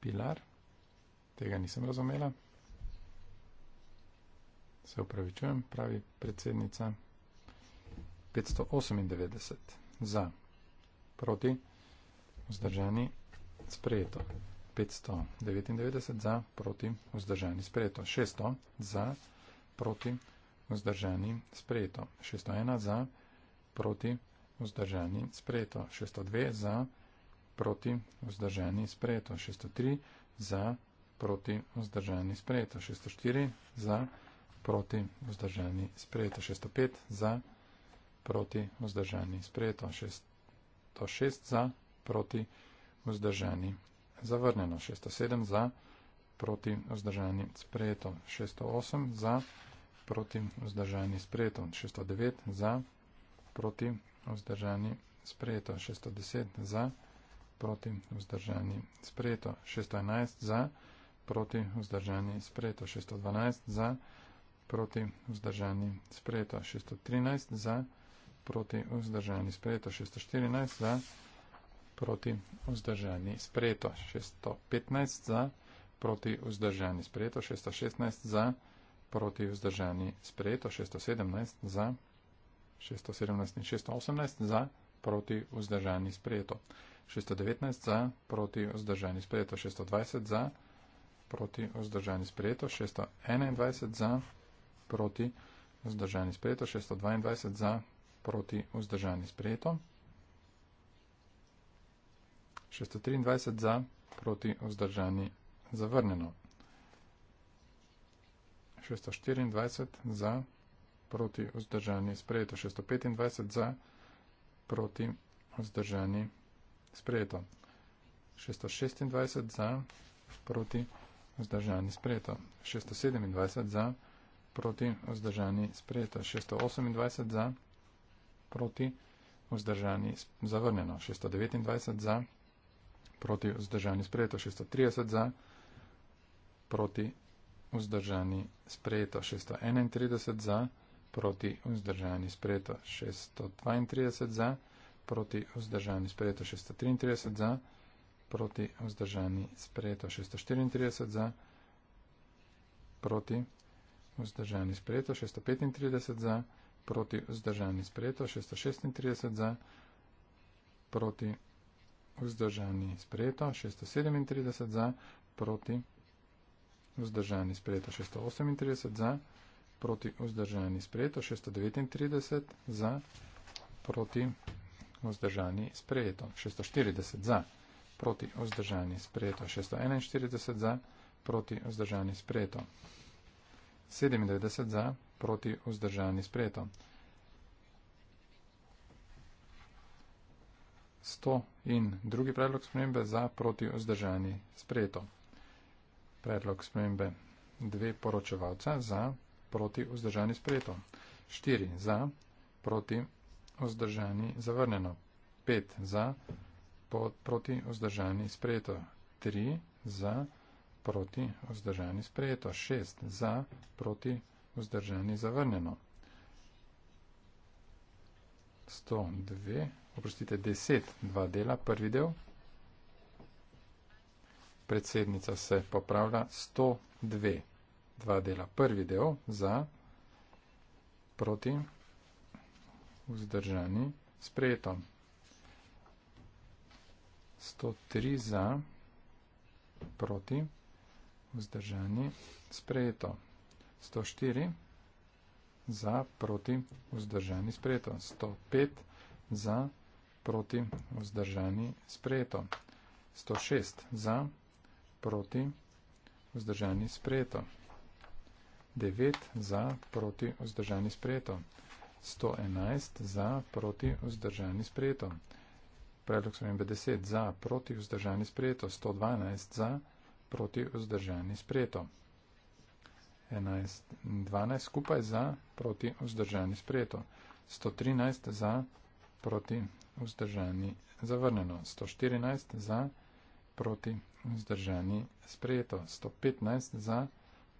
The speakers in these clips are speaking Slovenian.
Pilar, tega nisem razumela. Se upravičujem, pravi predsednica. 598 za, proti, vzdržani, sprejeto. 599 za, proti, vzdržani, sprejeto. 600 za, proti, vzdržani, sprejeto. 601 za, proti, vzdržani, sprejeto. 602 za, proti, proti, vzdržani, sprejeto, 603 za, proti, vzdržani, sprejeto, 604 za, proti, vzdržani, sprejeto, 605 za, proti, vzdržani, sprejeto, 606 za, proti, vzdržani, zavrnjeno, 607 za, proti, vzdržani, sprejeto, 608 za, proti, vzdržani, sprejeto, 609 za, proti, vzdržani, sprejeto, 610 za, proti, proti vzdržani sprejeto, 611 za, proti vzdržani sprejeto, 612 za, proti vzdržani sprejeto, 613 za, proti vzdržani sprejeto, 614 za, proti vzdržani sprejeto, 615 za, proti vzdržani sprejeto, 616 za, proti vzdržani sprejeto, 617 za, 617 in 618 za, proti vzdržani sprejeto. 619 za, proti vzdržani sprejeto 620 za, proti vzdržani sprejeto 621 za, proti vzdržani sprejeto 622 za, proti vzdržani sprejeto 623 za, proti vzdržani zavrnjeno 624 za, proti vzdržani sprejeto 625 za, proti vzdržani sprejeto sprejeto. 626 za, proti, vzdržani sprejeto. 627 za, proti, vzdržani sprejeto. 628 za, proti, vzdržani zavrnjeno. 629 za, proti, vzdržani sprejeto. 630 za, proti, vzdržani sprejeto. 631 za, proti, vzdržani sprejeto. 632 za, proti, proti vzdržani, sprejeto 633 za, proti vzdržani, sprejeto 634 za, proti vzdržani, sprejeto 635 za, proti vzdržani, sprejeto 636 za, proti vzdržani, sprejeto 637 za, proti vzdržani, sprejeto 638 za, proti vzdržani, sprejeto 639 za, proti vzdržani, sprejeto 639 za, proti vzdržani sprejeto, 640 za, proti vzdržani sprejeto, 641 za, proti vzdržani sprejeto, 97 za, proti vzdržani sprejeto, 100 in drugi predlog spremembe za, proti vzdržani sprejeto, predlog spremembe dve poročevalca za, proti vzdržani sprejeto, 4 za, proti vzdržani sprejeto, vzdržani zavrnjeno, 5 za, proti vzdržani sprejeto, 3 za, proti vzdržani sprejeto, 6 za, proti vzdržani zavrnjeno. 102, oprostite, 10, dva dela, prvi del. Predsednica se popravlja 102, dva dela, prvi del, za, proti vzdržani sprejeto vzdržani, sprejeto. 103 za, proti, vzdržani, sprejeto. 104 za, proti, vzdržani, sprejeto. 105 za, proti, vzdržani, sprejeto. 106 za, proti, vzdržani, sprejeto. 9 za, proti, vzdržani, sprejeto. 111 za proti vzdržani sprejeto. Predlog spremembe 10 za proti vzdržani sprejeto. 112 za proti vzdržani sprejeto. 11, 12 skupaj za proti vzdržani sprejeto. 113 za proti vzdržani zavrneno. 114 za proti vzdržani sprejeto. 115 za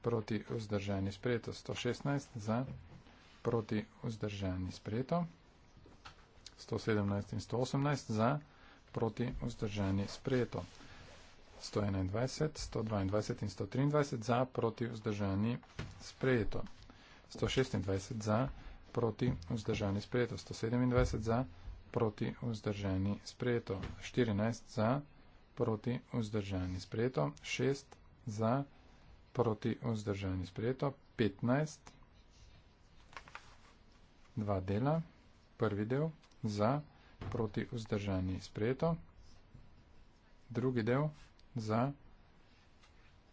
proti vzdržani sprejeto. 116 za proti vzdržani sprejeto proti vzdržani sprejeto. 117 in 118 za proti vzdržani sprejeto. 121, 122 in 123 za proti vzdržani sprejeto. 126 za proti vzdržani sprejeto. 127 za proti vzdržani sprejeto. 14 za proti vzdržani sprejeto. 6 za proti vzdržani sprejeto. 15 za dva dela. Prvi del za proti vzdržanje sprejeto. Drugi del za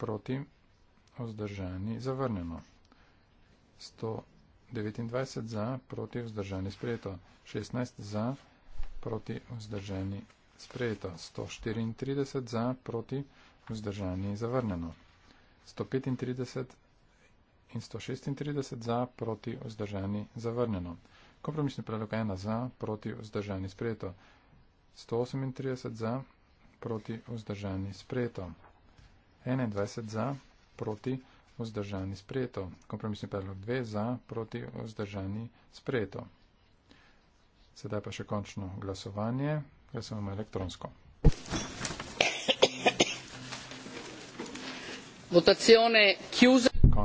proti vzdržanje zavrnjeno. 129 za proti vzdržanje sprejeto. 16 za proti vzdržanje sprejeto. 134 za proti vzdržanje zavrnjeno. 135 in 136 za, proti vzdržani zavrnjeno. Kompromisni predlog 1 za, proti vzdržani sprejeto. 138 za, proti vzdržani sprejeto. 21 za, proti vzdržani sprejeto. Kompromisni predlog 2 za, proti vzdržani sprejeto. Sedaj pa še končno glasovanje. Glasujemo elektronsko. Votazione chiusa.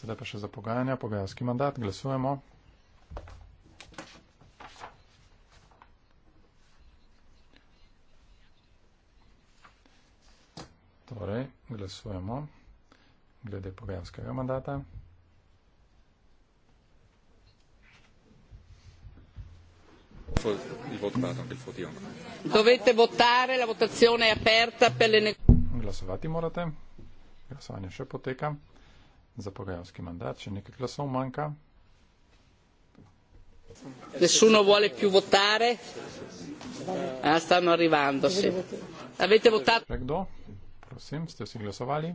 Sedaj pa še za pogajanja, pogajalski mandat, glasujemo. Torej, glasujemo glede pogajalskega mandata. Dovete votare, la votazione è aperta per le negozioni. Glasovati morate. Glasovanje še poteka za pogajalski mandat, še nekaj glasov manjka. Nessuno vuole più votare. Ah, stanno arrivando, sì. Avete votato? Kdo? Prosim, ste vsi glasovali?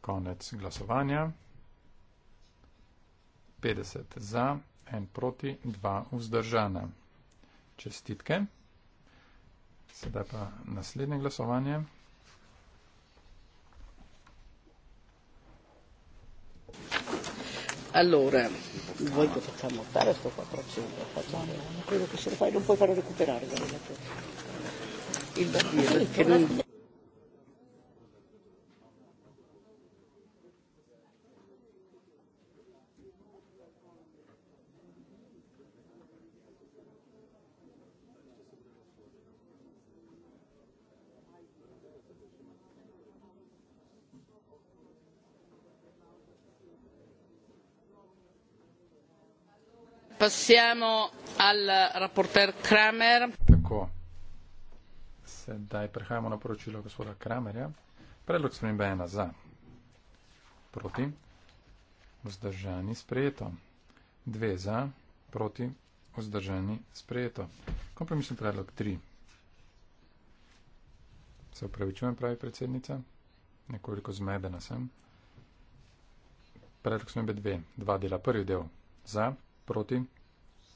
Konec glasovanja. 50 za, en proti, dva vzdržana. Čestitke. Sedaj pa naslednje glasovanje. Allora, voi che facciamo notare sto 400, facciamo una cosa che se lo fai non puoi fare recuperare. Il bambino che non... Tako. Sedaj prehajamo na poročilo gospoda Kramerja. Predlog spremembe ena za. Proti. Vzdržani sprejeto. Dve za. Proti. Vzdržani sprejeto. Kompromisni predlog tri. Se upravičujem, pravi predsednica. Nekoliko zmedena sem. Predlog spremembe dve. Dva dela. Prvi del. Za. Proti.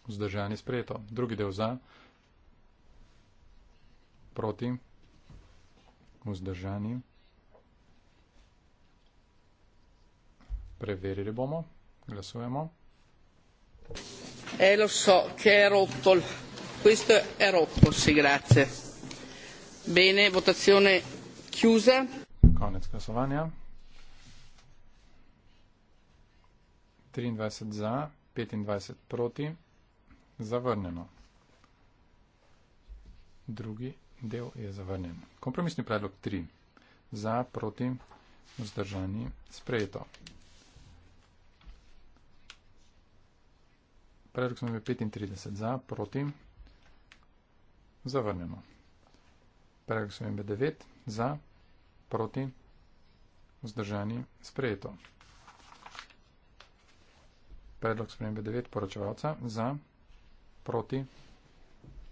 Vzdržani sprejeto. Drugi del za. Proti. Vzdržani. Preverili bomo. Glasujemo. E lo so, che è rotto. Questo è rotto, sì, grazie. Bene, votazione chiusa. Konec glasovanja. 23 za, 25 proti zavrnjeno. Drugi del je zavrnjen. Kompromisni predlog 3. Za, proti, vzdržani, sprejeto. Predlog smo imeli 35. Za, proti, zavrnjeno. Predlog smo imeli 9. Za, proti, vzdržani, sprejeto. Predlog spremembe 9 poročevalca za proti,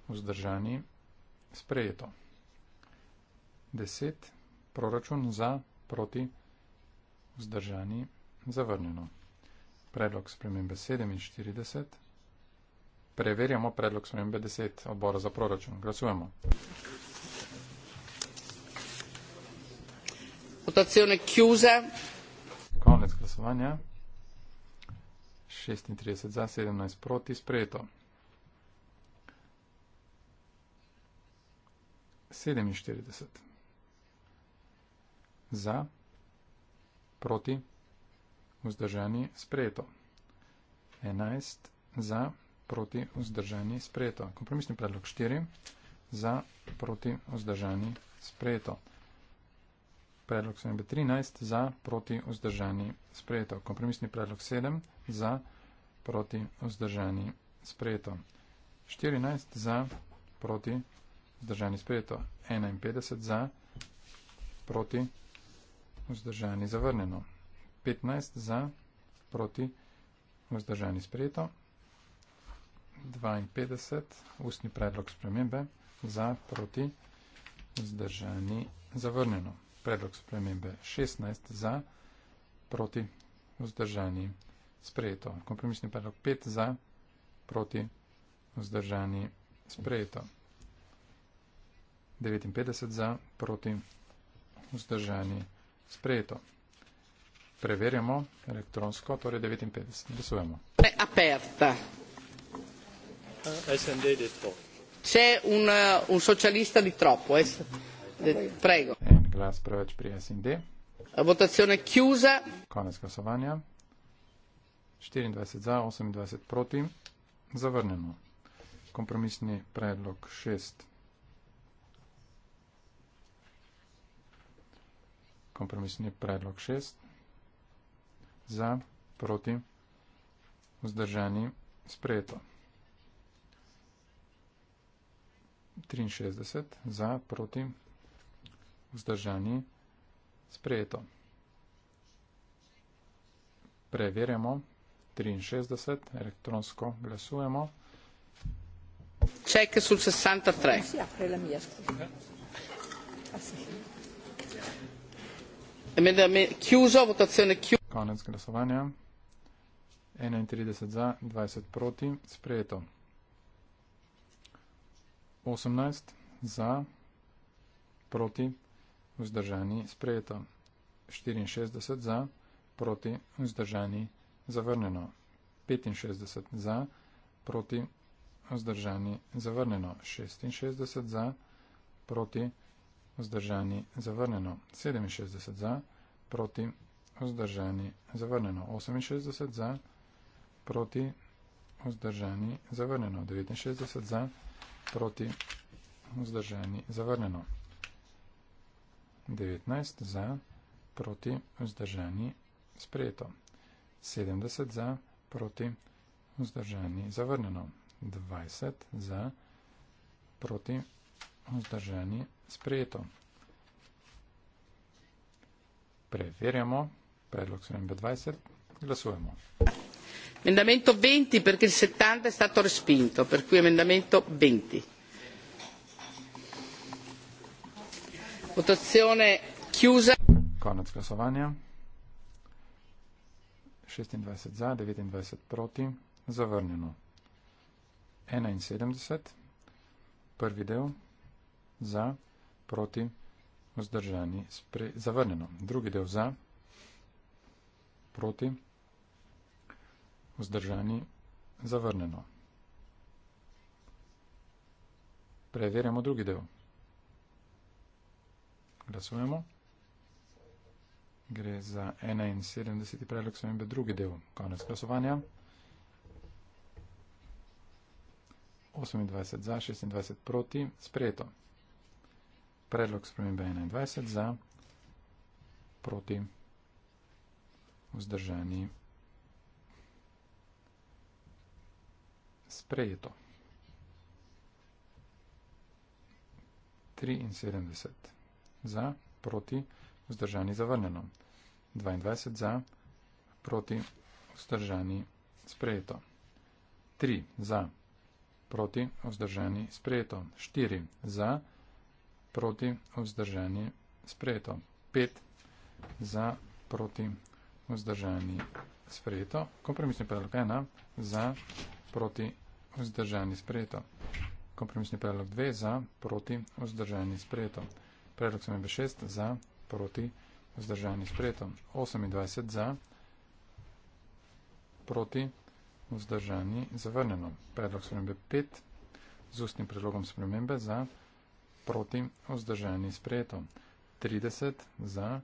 vzdržani, sprejeto. 10. Proračun za, proti, vzdržani, zavrnjeno. Predlog spremembe 47. Preverjamo predlog spremembe 10 odbora za proračun. Glasujemo. Votazione chiusa. Konec glasovanja. 36 za, 17 proti, sprejeto. 47. Za, proti, vzdržani, sprejeto. 11. Za, proti, vzdržani, sprejeto. Kompromisni predlog 4. Za, proti, vzdržani, sprejeto. Predlog 7. 13. Za, proti, vzdržani, sprejeto. Kompromisni predlog 7. Za, proti, vzdržani, sprejeto. 14. Za, proti, vzdržani, sprejeto. Zdržani sprejeto 51 za, proti vzdržani zavrnjeno. 15 za, proti vzdržani sprejeto. 52 ustni predlog spremembe za, proti vzdržani zavrnjeno. Predlog spremembe 16 za, proti vzdržani sprejeto. Kompromisni predlog 5 za, proti vzdržani sprejeto. 59 za, proti vzdržani sprejeto. Preverjamo elektronsko, torej 59. Glasujemo. Aperta. Eh, C'è un, eh, un socialista di troppo. Es, eh. de, prego. En glas preveč pri SND. Votazione chiusa. Konec glasovanja. 24 za, 28 proti. Zavrnemo. Kompromisni predlog 6. kompromisni predlog 6. Za, proti, vzdržani, sprejeto. 63. Za, proti, vzdržani, sprejeto. Preverjamo. 63. Elektronsko glasujemo. Check sul 63. Si apre la mia scusa. Ah, sì. Konec glasovanja. 31 za, 20 proti, sprejeto. 18 za, proti, vzdržani, sprejeto. 64 za, proti, vzdržani, zavrnjeno. 65 za, proti, vzdržani, zavrnjeno. 66 za, proti, vzdržani vzdržani, zavrnjeno 67 za, proti vzdržani, zavrnjeno 68 za, proti vzdržani, zavrnjeno 69 za, proti vzdržani, zavrnjeno 19 za, proti vzdržani, sprejeto 70 za, proti vzdržani, zavrnjeno 20 za, proti vzdržani, zavrnjeno sprejeto. Preverjamo. Predlog spremembe 20. Glasujemo. Emendamento 20 perché il 70 è stato respinto, per cui emendamento 20. Votazione chiusa. Konec glasovanja. 26 za, 29 proti, zavrnjeno. 71, prvi del za, proti, vzdržani, spre, zavrnjeno. Drugi del za, proti, vzdržani, zavrnjeno. Preverjamo drugi del. Glasujemo. Gre za 71. predlog svojim, drugi del. Konec glasovanja. 28 za, 26 proti, sprejeto predlog spremembe 21 za proti vzdržani sprejeto. 73 za proti vzdržani zavrnjeno. 22 za proti vzdržani sprejeto. 3 za proti vzdržani sprejeto. 4 za proti vzdržani sprejeto proti, vzdržani, sprejeto. 5 za, proti, vzdržani, sprejeto. Kompromisni predlog 1 za, proti, vzdržani, sprejeto. Kompromisni predlog 2 za, proti, vzdržani, sprejeto. Predlog sem imel 6 za, proti, vzdržani, sprejeto. 28 za, proti, vzdržani, zavrnjeno. Predlog sem imel 5 z ustnim predlogom spremembe za, proti, vzdržani, sprejeto proti vzdržani sprejeto. 30 za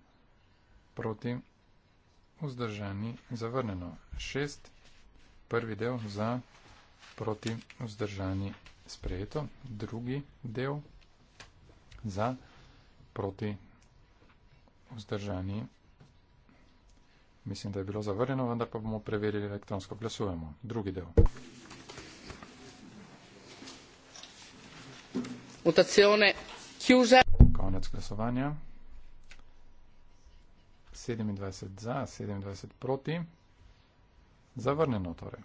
proti vzdržani zavrneno. 6 prvi del za proti vzdržani sprejeto. Drugi del za proti vzdržani. Mislim, da je bilo zavrneno, vendar pa bomo preverili elektronsko. Glasujemo. Drugi del. Thank you mutazione chiusa. Konec glasovanja. 27 za, 27 proti. Zavrnjeno torej.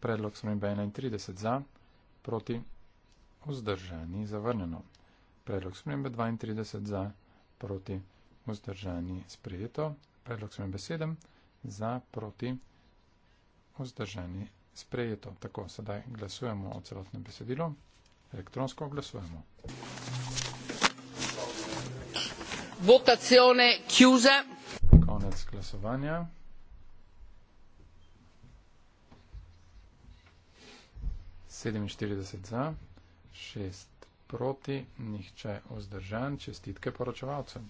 Predlog spremembe 31 za, proti vzdržani, zavrnjeno. Predlog spremembe 32 za, proti vzdržani, sprejeto. Predlog spremembe 7 za, proti vzdržani, sprejeto sprejeto. Tako, sedaj glasujemo o celotnem besedilu. Elektronsko glasujemo. Votacione chiuse. Konec glasovanja. sedeminštirideset za, šest proti, nihče vzdržan, čestitke poročevalcem.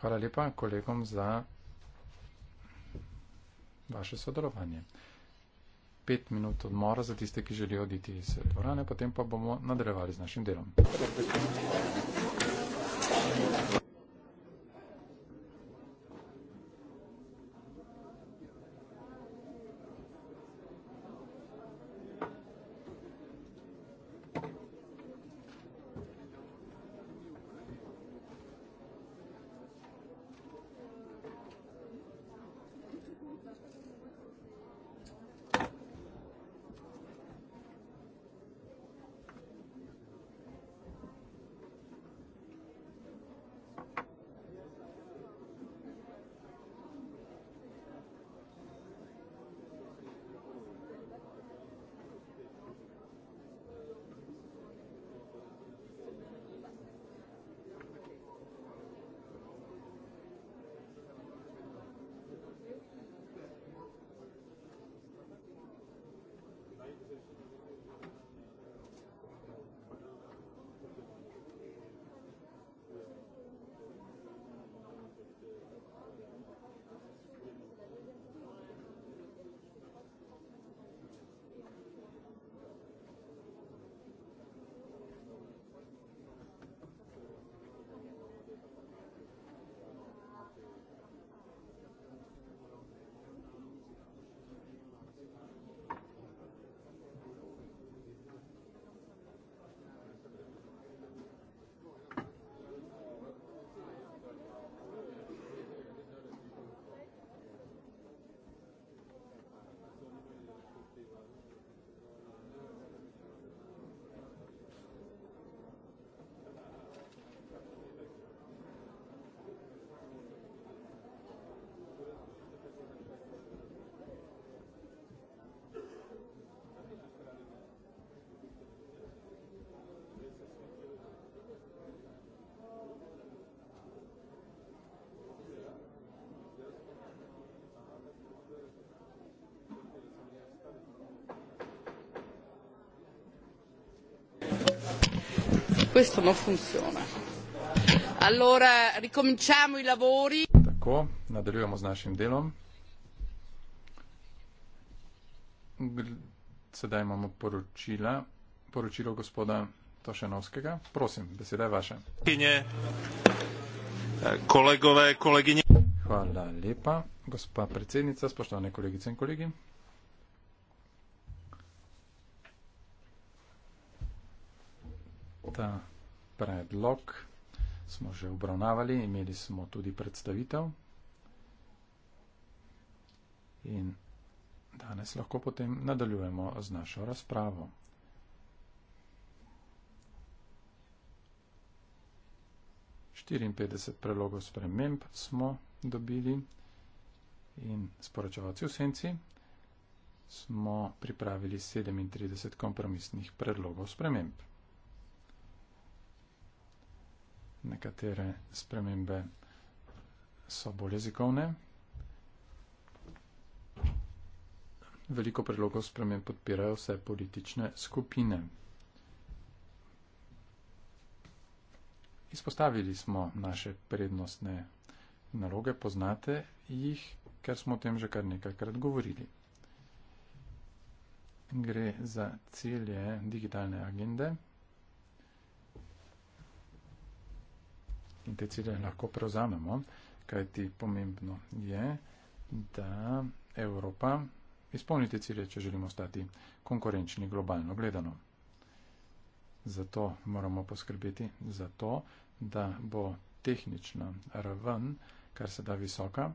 Hvala lepa kolegom za vaše sodelovanje pet minut odmora za tiste, ki želijo oditi iz dvorane, potem pa bomo nadaljevali z našim delom. questo non funziona. Allora ricominciamo i lavori. Tako, nadaljujemo z našim delom. Sedaj imamo poročila, poročilo gospoda Tošenovskega. Prosim, beseda je vaša. Eh, kolegove, kolegini. Hvala lepa, gospa predsednica, spoštovane kolegice in kolegi. predlog smo že obravnavali, imeli smo tudi predstavitev. In danes lahko potem nadaljujemo z našo razpravo. Štiriinpetdeset prelogov sprememb smo dobili in sporočevalci v senci smo pripravili sedemintrideset kompromisnih predlogov sprememb. nekatere spremembe so bolj jezikovne. Veliko predlogov spremem podpirajo vse politične skupine. Izpostavili smo naše prednostne naloge, poznate jih, ker smo o tem že kar nekajkrat govorili. Gre za cilje digitalne agende. in te cilje lahko prevzamemo, kajti pomembno je, da Evropa izpolni te cilje, če želimo stati konkurenčni globalno gledano. Zato moramo poskrbeti za to, da bo tehnična raven, kar se da visoka,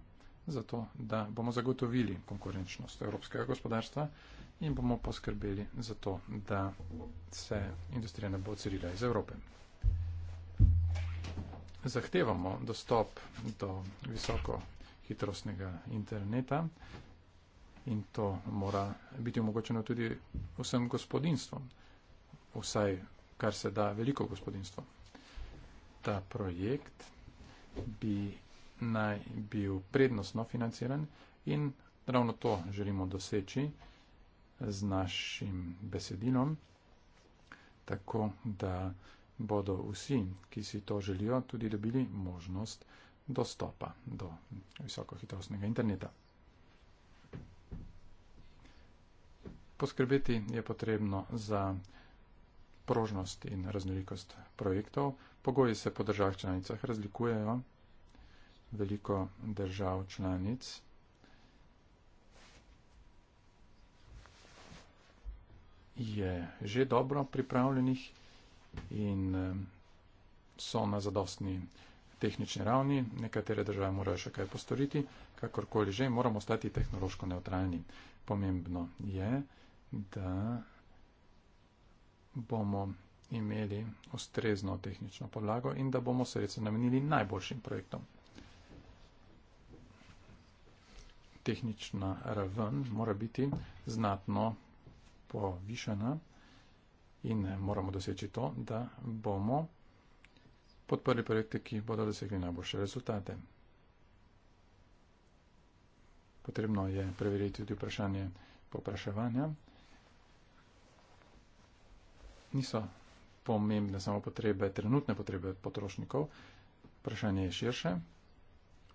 zato da bomo zagotovili konkurenčnost evropskega gospodarstva in bomo poskrbeli za to, da se industrija ne bo odselila iz Evrope zahtevamo dostop do visoko hitrostnega interneta in to mora biti omogočeno tudi vsem gospodinstvom, vsaj kar se da veliko gospodinstvom. Ta projekt bi naj bil prednostno financiran in ravno to želimo doseči z našim besedilom, tako da bodo vsi, ki si to želijo, tudi dobili možnost dostopa do visokohitrostnega interneta. Poskrbeti je potrebno za prožnost in raznolikost projektov. Pogoji se po državah članicah razlikujejo. Veliko držav članic je že dobro pripravljenih in eh, so na zadostni tehnični ravni, nekatere države morajo še kaj postoriti, kakorkoli že, moramo ostati tehnološko neutralni. Pomembno je, da bomo imeli ustrezno tehnično podlago in da bomo sredstvo namenili najboljšim projektom. Tehnična raven mora biti znatno povišena in moramo doseči to, da bomo podprli projekte, ki bodo dosegli najboljše rezultate. Potrebno je preveriti tudi vprašanje popraševanja. Niso pomembne samo potrebe, trenutne potrebe potrošnikov. Vprašanje je širše.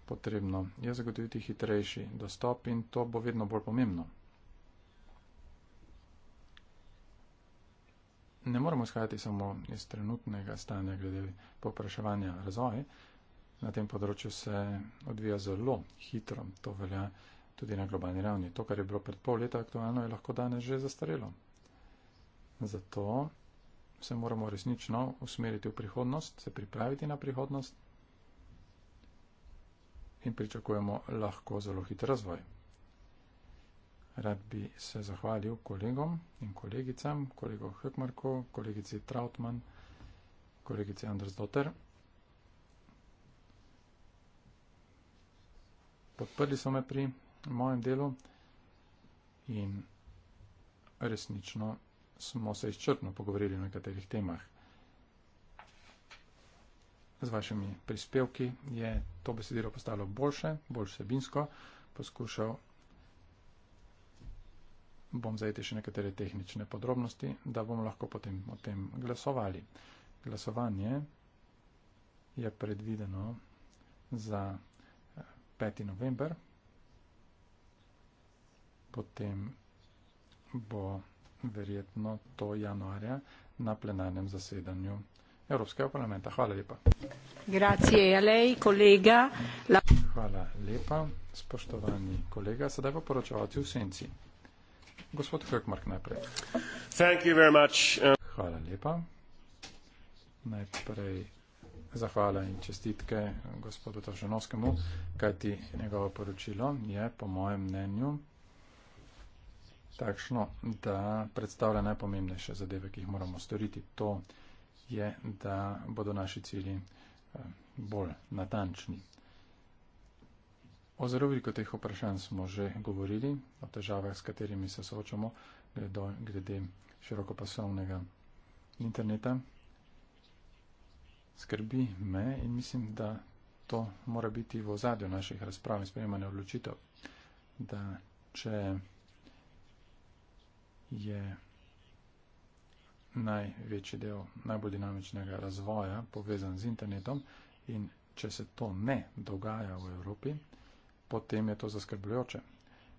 Potrebno je zagotoviti hitrejši dostop in to bo vedno bolj pomembno. ne moramo izhajati samo iz trenutnega stanja glede popraševanja razvoja. Na tem področju se odvija zelo hitro. To velja tudi na globalni ravni. To, kar je bilo pred pol leta aktualno, je lahko danes že zastarelo. Zato se moramo resnično usmeriti v prihodnost, se pripraviti na prihodnost in pričakujemo lahko zelo hiter razvoj. Rad bi se zahvalil kolegom in kolegicam, kolego Hökmarku, kolegici Trautmann, kolegici Anders Dotter. Podprli so me pri mojem delu in resnično smo se izčrpno pogovorili o nekaterih temah. Z vašimi prispevki je to besedilo postalo boljše, bolj vsebinsko, poskušal bom zajeti še nekatere tehnične podrobnosti, da bomo lahko potem o tem glasovali. Glasovanje je predvideno za 5. Eh, november, potem bo verjetno to januarja na plenarnem zasedanju Evropskega parlamenta. Hvala lepa. Grazie a lei, kolega. Hvala lepa, spoštovani kolega. Sedaj pa poročavati v senci. Gospod Hrkmark najprej. Thank you very much. Um, Hvala lepa. Najprej zahvala in čestitke gospodu Tržanovskemu, kajti njegovo poročilo je po mojem mnenju takšno, da predstavlja najpomembnejše zadeve, ki jih moramo storiti. To je, da bodo naši cilji eh, bolj natančni. O zelo veliko teh vprašanj smo že govorili, o težavah, s katerimi se soočamo glede širokopasovnega interneta. Skrbi me in mislim, da to mora biti v ozadju naših razprav in sprejemanja odločitev, da če je največji del najbolj dinamičnega razvoja povezan z internetom in če se to ne dogaja v Evropi, potem je to zaskrbljujoče.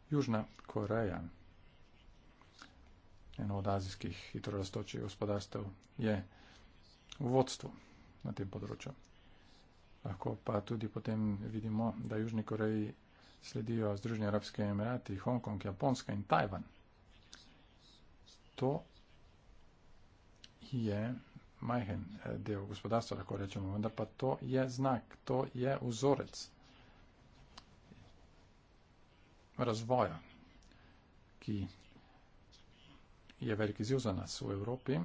Južna Koreja, eno od azijskih hitrorastočih gospodarstv, je v vodstvu na tem področju. Lahko pa tudi potem vidimo, da Južni Koreji sledijo Združenje Arabske Emirati, Hongkong, Japonska in Tajvan. To je majhen eh, del gospodarstva, lahko rečemo, vendar pa to je znak, to je vzorec razvoja, ki je velik izziv za nas v Evropi.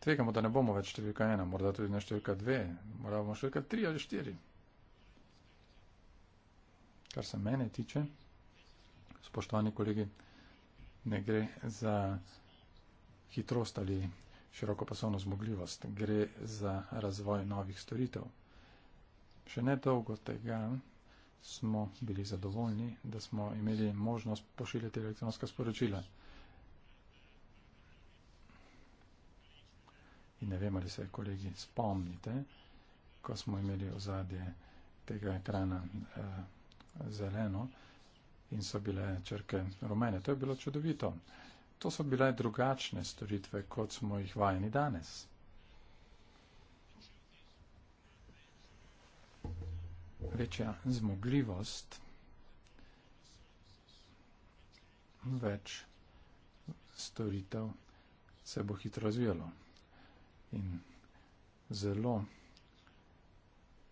Tvegamo, da ne bomo več številka ena, morda tudi ne številka dve, morda bomo številka tri ali štiri. Kar se mene tiče, spoštovani kolegi, ne gre za hitrost ali široko pasovno zmogljivost, gre za razvoj novih storitev. Še ne dolgo tega smo bili zadovoljni, da smo imeli možnost pošiljati elektronska sporočila. In ne vem, ali se kolegi spomnite, ko smo imeli ozadje tega ekrana eh, zeleno in so bile črke rumene. To je bilo čudovito. To so bile drugačne storitve, kot smo jih vajeni danes. večja zmogljivost, več storitev se bo hitro razvijalo. In zelo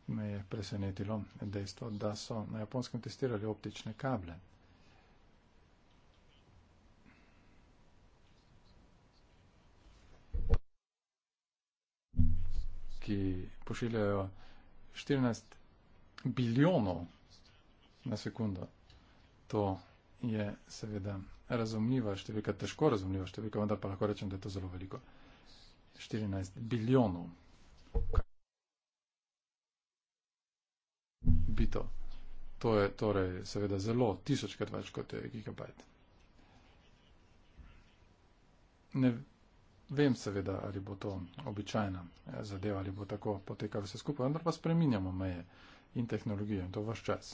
me je presenetilo dejstvo, da so na japonskem testirali optične kable. ki pošiljajo 14 bilijonov na sekundo. To je seveda razumljiva številka, težko razumljiva številka, vendar pa lahko rečem, da je to zelo veliko. 14 bilijonov. Bito. To je torej seveda zelo tisočkrat več kot je gigabajt. Ne vem seveda, ali bo to običajna eh, zadeva, ali bo tako potekalo vse skupaj, vendar pa spreminjamo meje in tehnologijo in to vaš čas.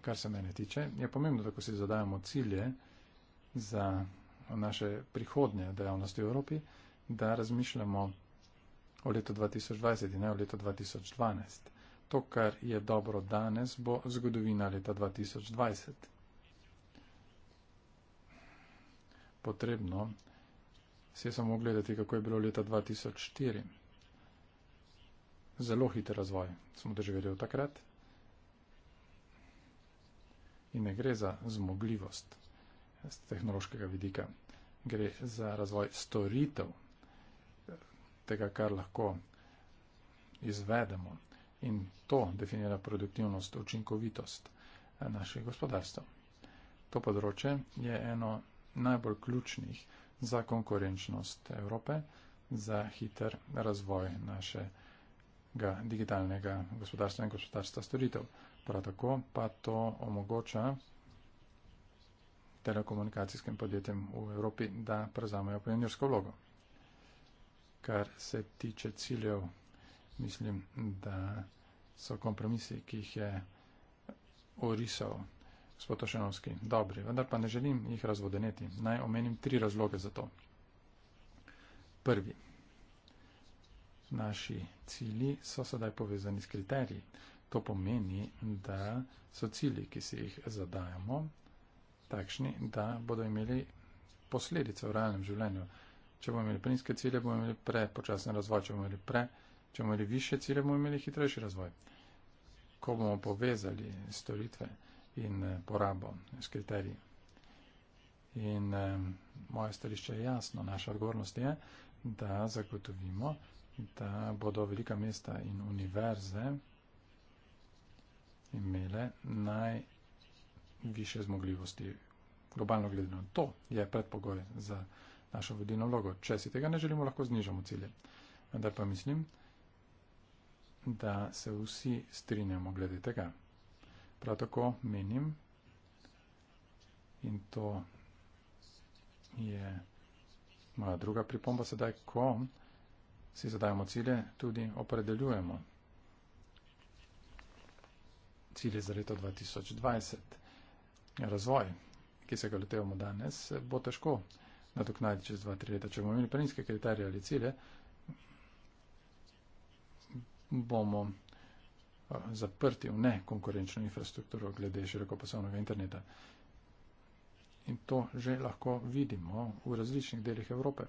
Kar se mene tiče, je pomembno, da ko si zadajamo cilje za naše prihodnje dejavnosti v Evropi, da razmišljamo o letu 2020 in ne o letu 2012. To, kar je dobro danes, bo zgodovina leta 2020. Potrebno se je samo ogledati, kako je bilo leta 2004 zelo hiter razvoj smo doživeli v takrat. In ne gre za zmogljivost z tehnološkega vidika, gre za razvoj storitev tega, kar lahko izvedemo. In to definira produktivnost, učinkovitost eh, naših gospodarstv. To področje je eno najbolj ključnih za konkurenčnost Evrope, za hiter razvoj naše države digitalnega, digitalnega gospodarstva in gospodarstva storitev. Prav tako pa to omogoča telekomunikacijskim podjetjem v Evropi, da prevzamejo pionirsko vlogo. Kar se tiče ciljev, mislim, da so kompromisi, ki jih je orisal gospod Ošenovski, dobri, vendar pa ne želim jih razvodeneti. Naj omenim tri razloge za to. Prvi. Naši cilji so sedaj povezani s kriteriji. To pomeni, da so cilji, ki si jih zadajamo, takšni, da bodo imeli posledice v realnem življenju. Če bomo imeli preniske cilje, bomo imeli prepočasen razvoj, če bomo imeli pre, če bomo imeli više cilje, bomo imeli hitrejši razvoj. Ko bomo povezali storitve in eh, porabo s kriteriji. In eh, moje stališče je jasno, naša odgovornost je, da zagotovimo, da bodo velika mesta in univerze imele najviše zmogljivosti globalno gledano. To je predpogoj za našo vodilno vlogo. Če si tega ne želimo, lahko znižamo cilje. Vendar pa mislim, da se vsi strinjamo glede tega. Prav tako menim, in to je moja druga pripomba sedaj, ko si zadajamo cilje, tudi opredeljujemo cilje za leto 2020. Razvoj, ki se ga letevamo danes, bo težko nadoknaditi čez 2-3 leta. Če bomo imeli preniske kriterije ali cilje, bomo eh, zaprti v nekonkurenčno infrastrukturo glede širokopasovnega interneta. In to že lahko vidimo v različnih delih Evrope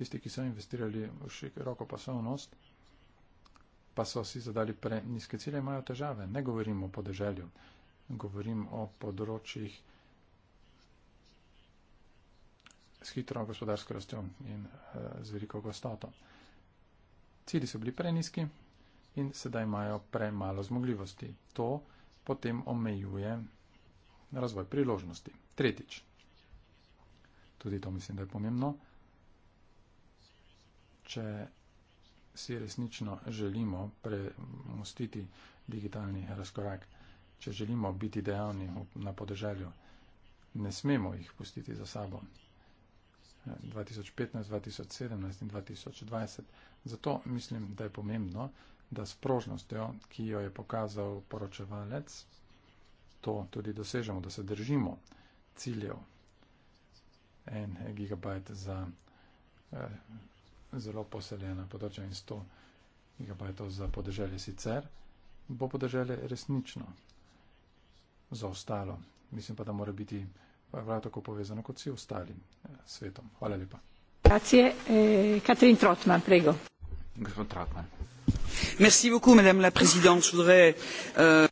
tisti, ki so investirali v široko pasovnost, pa so si zadali pre nizke cilje, imajo težave. Ne govorim o podeželju, govorim o področjih s hitro gospodarsko rastjo in uh, z veliko gostoto. Cili so bili preniski in sedaj imajo premalo zmogljivosti. To potem omejuje razvoj priložnosti. Tretjič. Tudi to mislim, da je pomembno če si resnično želimo premustiti digitalni razkorak, če želimo biti dejavni na podeželju, ne smemo jih pustiti za sabo. 2015, 2017 in 2020. Zato mislim, da je pomembno, da s prožnostjo, ki jo je pokazal poročevalec, to tudi dosežemo, da se držimo ciljev. En gigabajt za eh, zelo poseljena področja in sto, ki pa je to za podeželje sicer, bo podeželje resnično zaostalo. Mislim pa, da mora biti prav tako povezano kot vsi ostali eh, svetom. Hvala lepa. Grazie. Katrin eh, Trotman, prego. Gospod Trotman. Merci beaucoup, madame la présidente. Voudrais, euh...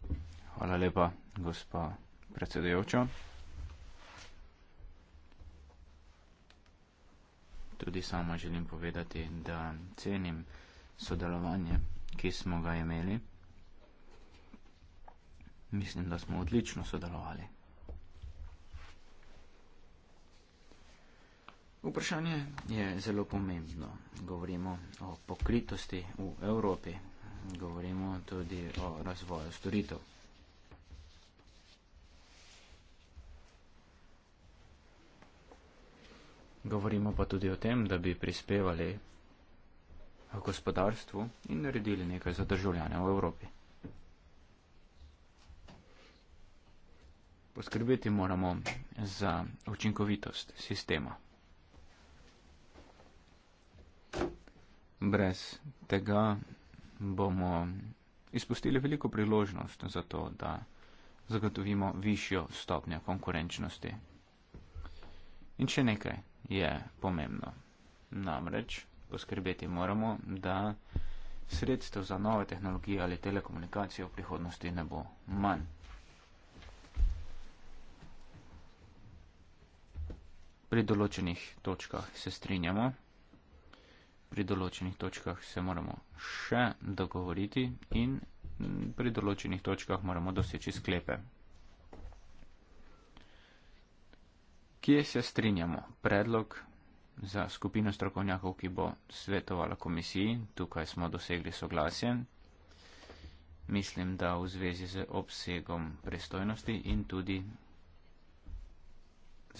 Hvala lepa, gospod predsedujoča. tudi sama želim povedati, da cenim sodelovanje, ki smo ga imeli. Mislim, da smo odlično sodelovali. Vprašanje je zelo pomembno. Govorimo o pokritosti v Evropi, govorimo tudi o razvoju storitev. Govorimo pa tudi o tem, da bi prispevali v gospodarstvu in naredili nekaj za državljane v Evropi. Poskrbeti moramo za učinkovitost sistema. Brez tega bomo izpustili veliko priložnost za to, da zagotovimo višjo stopnjo konkurenčnosti. In še nekaj, je pomembno. Namreč poskrbeti moramo, da sredstev za nove tehnologije ali telekomunikacije v prihodnosti ne bo manj. Pri določenih točkah se strinjamo, pri določenih točkah se moramo še dogovoriti in pri določenih točkah moramo doseči sklepe. Kje se strinjamo? Predlog za skupino strokovnjakov, ki bo svetovala komisiji, tukaj smo dosegli soglasje. Mislim, da v zvezi z obsegom prestojnosti in tudi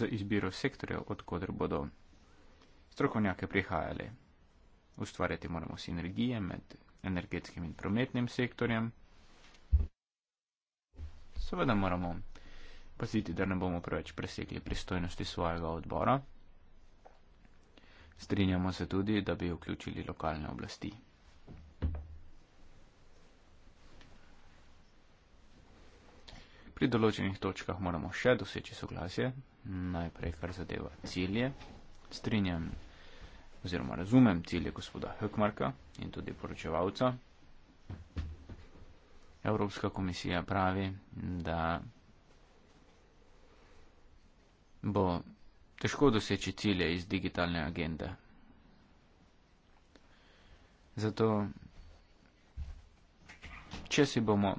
za izbiro sektorjev, odkudr bodo strokovnjake prihajali. Ustvarjati moramo sinergije med energetskim in prometnim sektorjem. Seveda moramo paziti, da ne bomo preveč presegli pristojnosti svojega odbora. Strinjamo se tudi, da bi vključili lokalne oblasti. Pri določenih točkah moramo še doseči soglasje, najprej kar zadeva cilje. Strinjam oziroma razumem cilje gospoda Hökmarka in tudi poročevalca. Evropska komisija pravi, da bo težko doseči cilje iz digitalne agende. Zato, če si bomo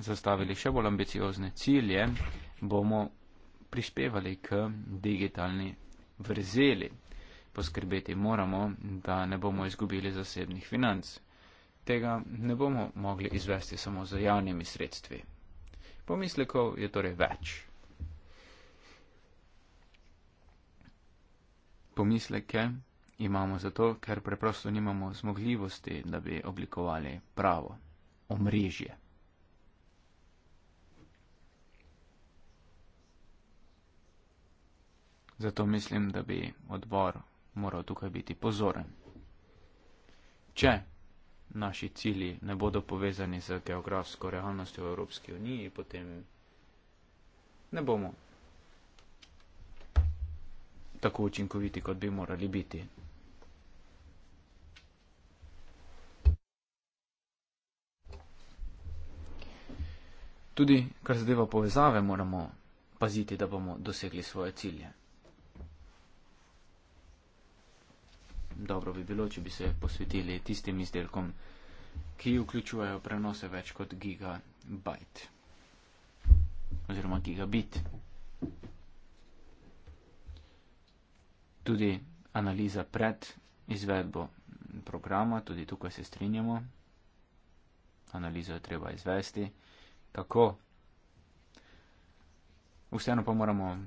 zastavili še bolj ambiciozne cilje, bomo prispevali k digitalni vrzeli. Poskrbeti moramo, da ne bomo izgubili zasebnih financ. Tega ne bomo mogli izvesti samo z javnimi sredstvi. Pomislekov je torej več. pomisleke imamo zato, ker preprosto nimamo zmogljivosti, da bi oblikovali pravo omrežje. Zato mislim, da bi odbor moral tukaj biti pozoren. Če naši cilji ne bodo povezani z geografsko realnostjo v Evropski uniji, potem ne bomo tako učinkoviti, kot bi morali biti. Tudi, kar zadeva povezave, moramo paziti, da bomo dosegli svoje cilje. Dobro bi bilo, če bi se posvetili tistim izdelkom, ki vključujejo prenose več kot gigabajt oziroma gigabit. tudi analiza pred izvedbo programa, tudi tukaj se strinjamo. Analizo je treba izvesti. Kako? Vseeno pa moramo mm,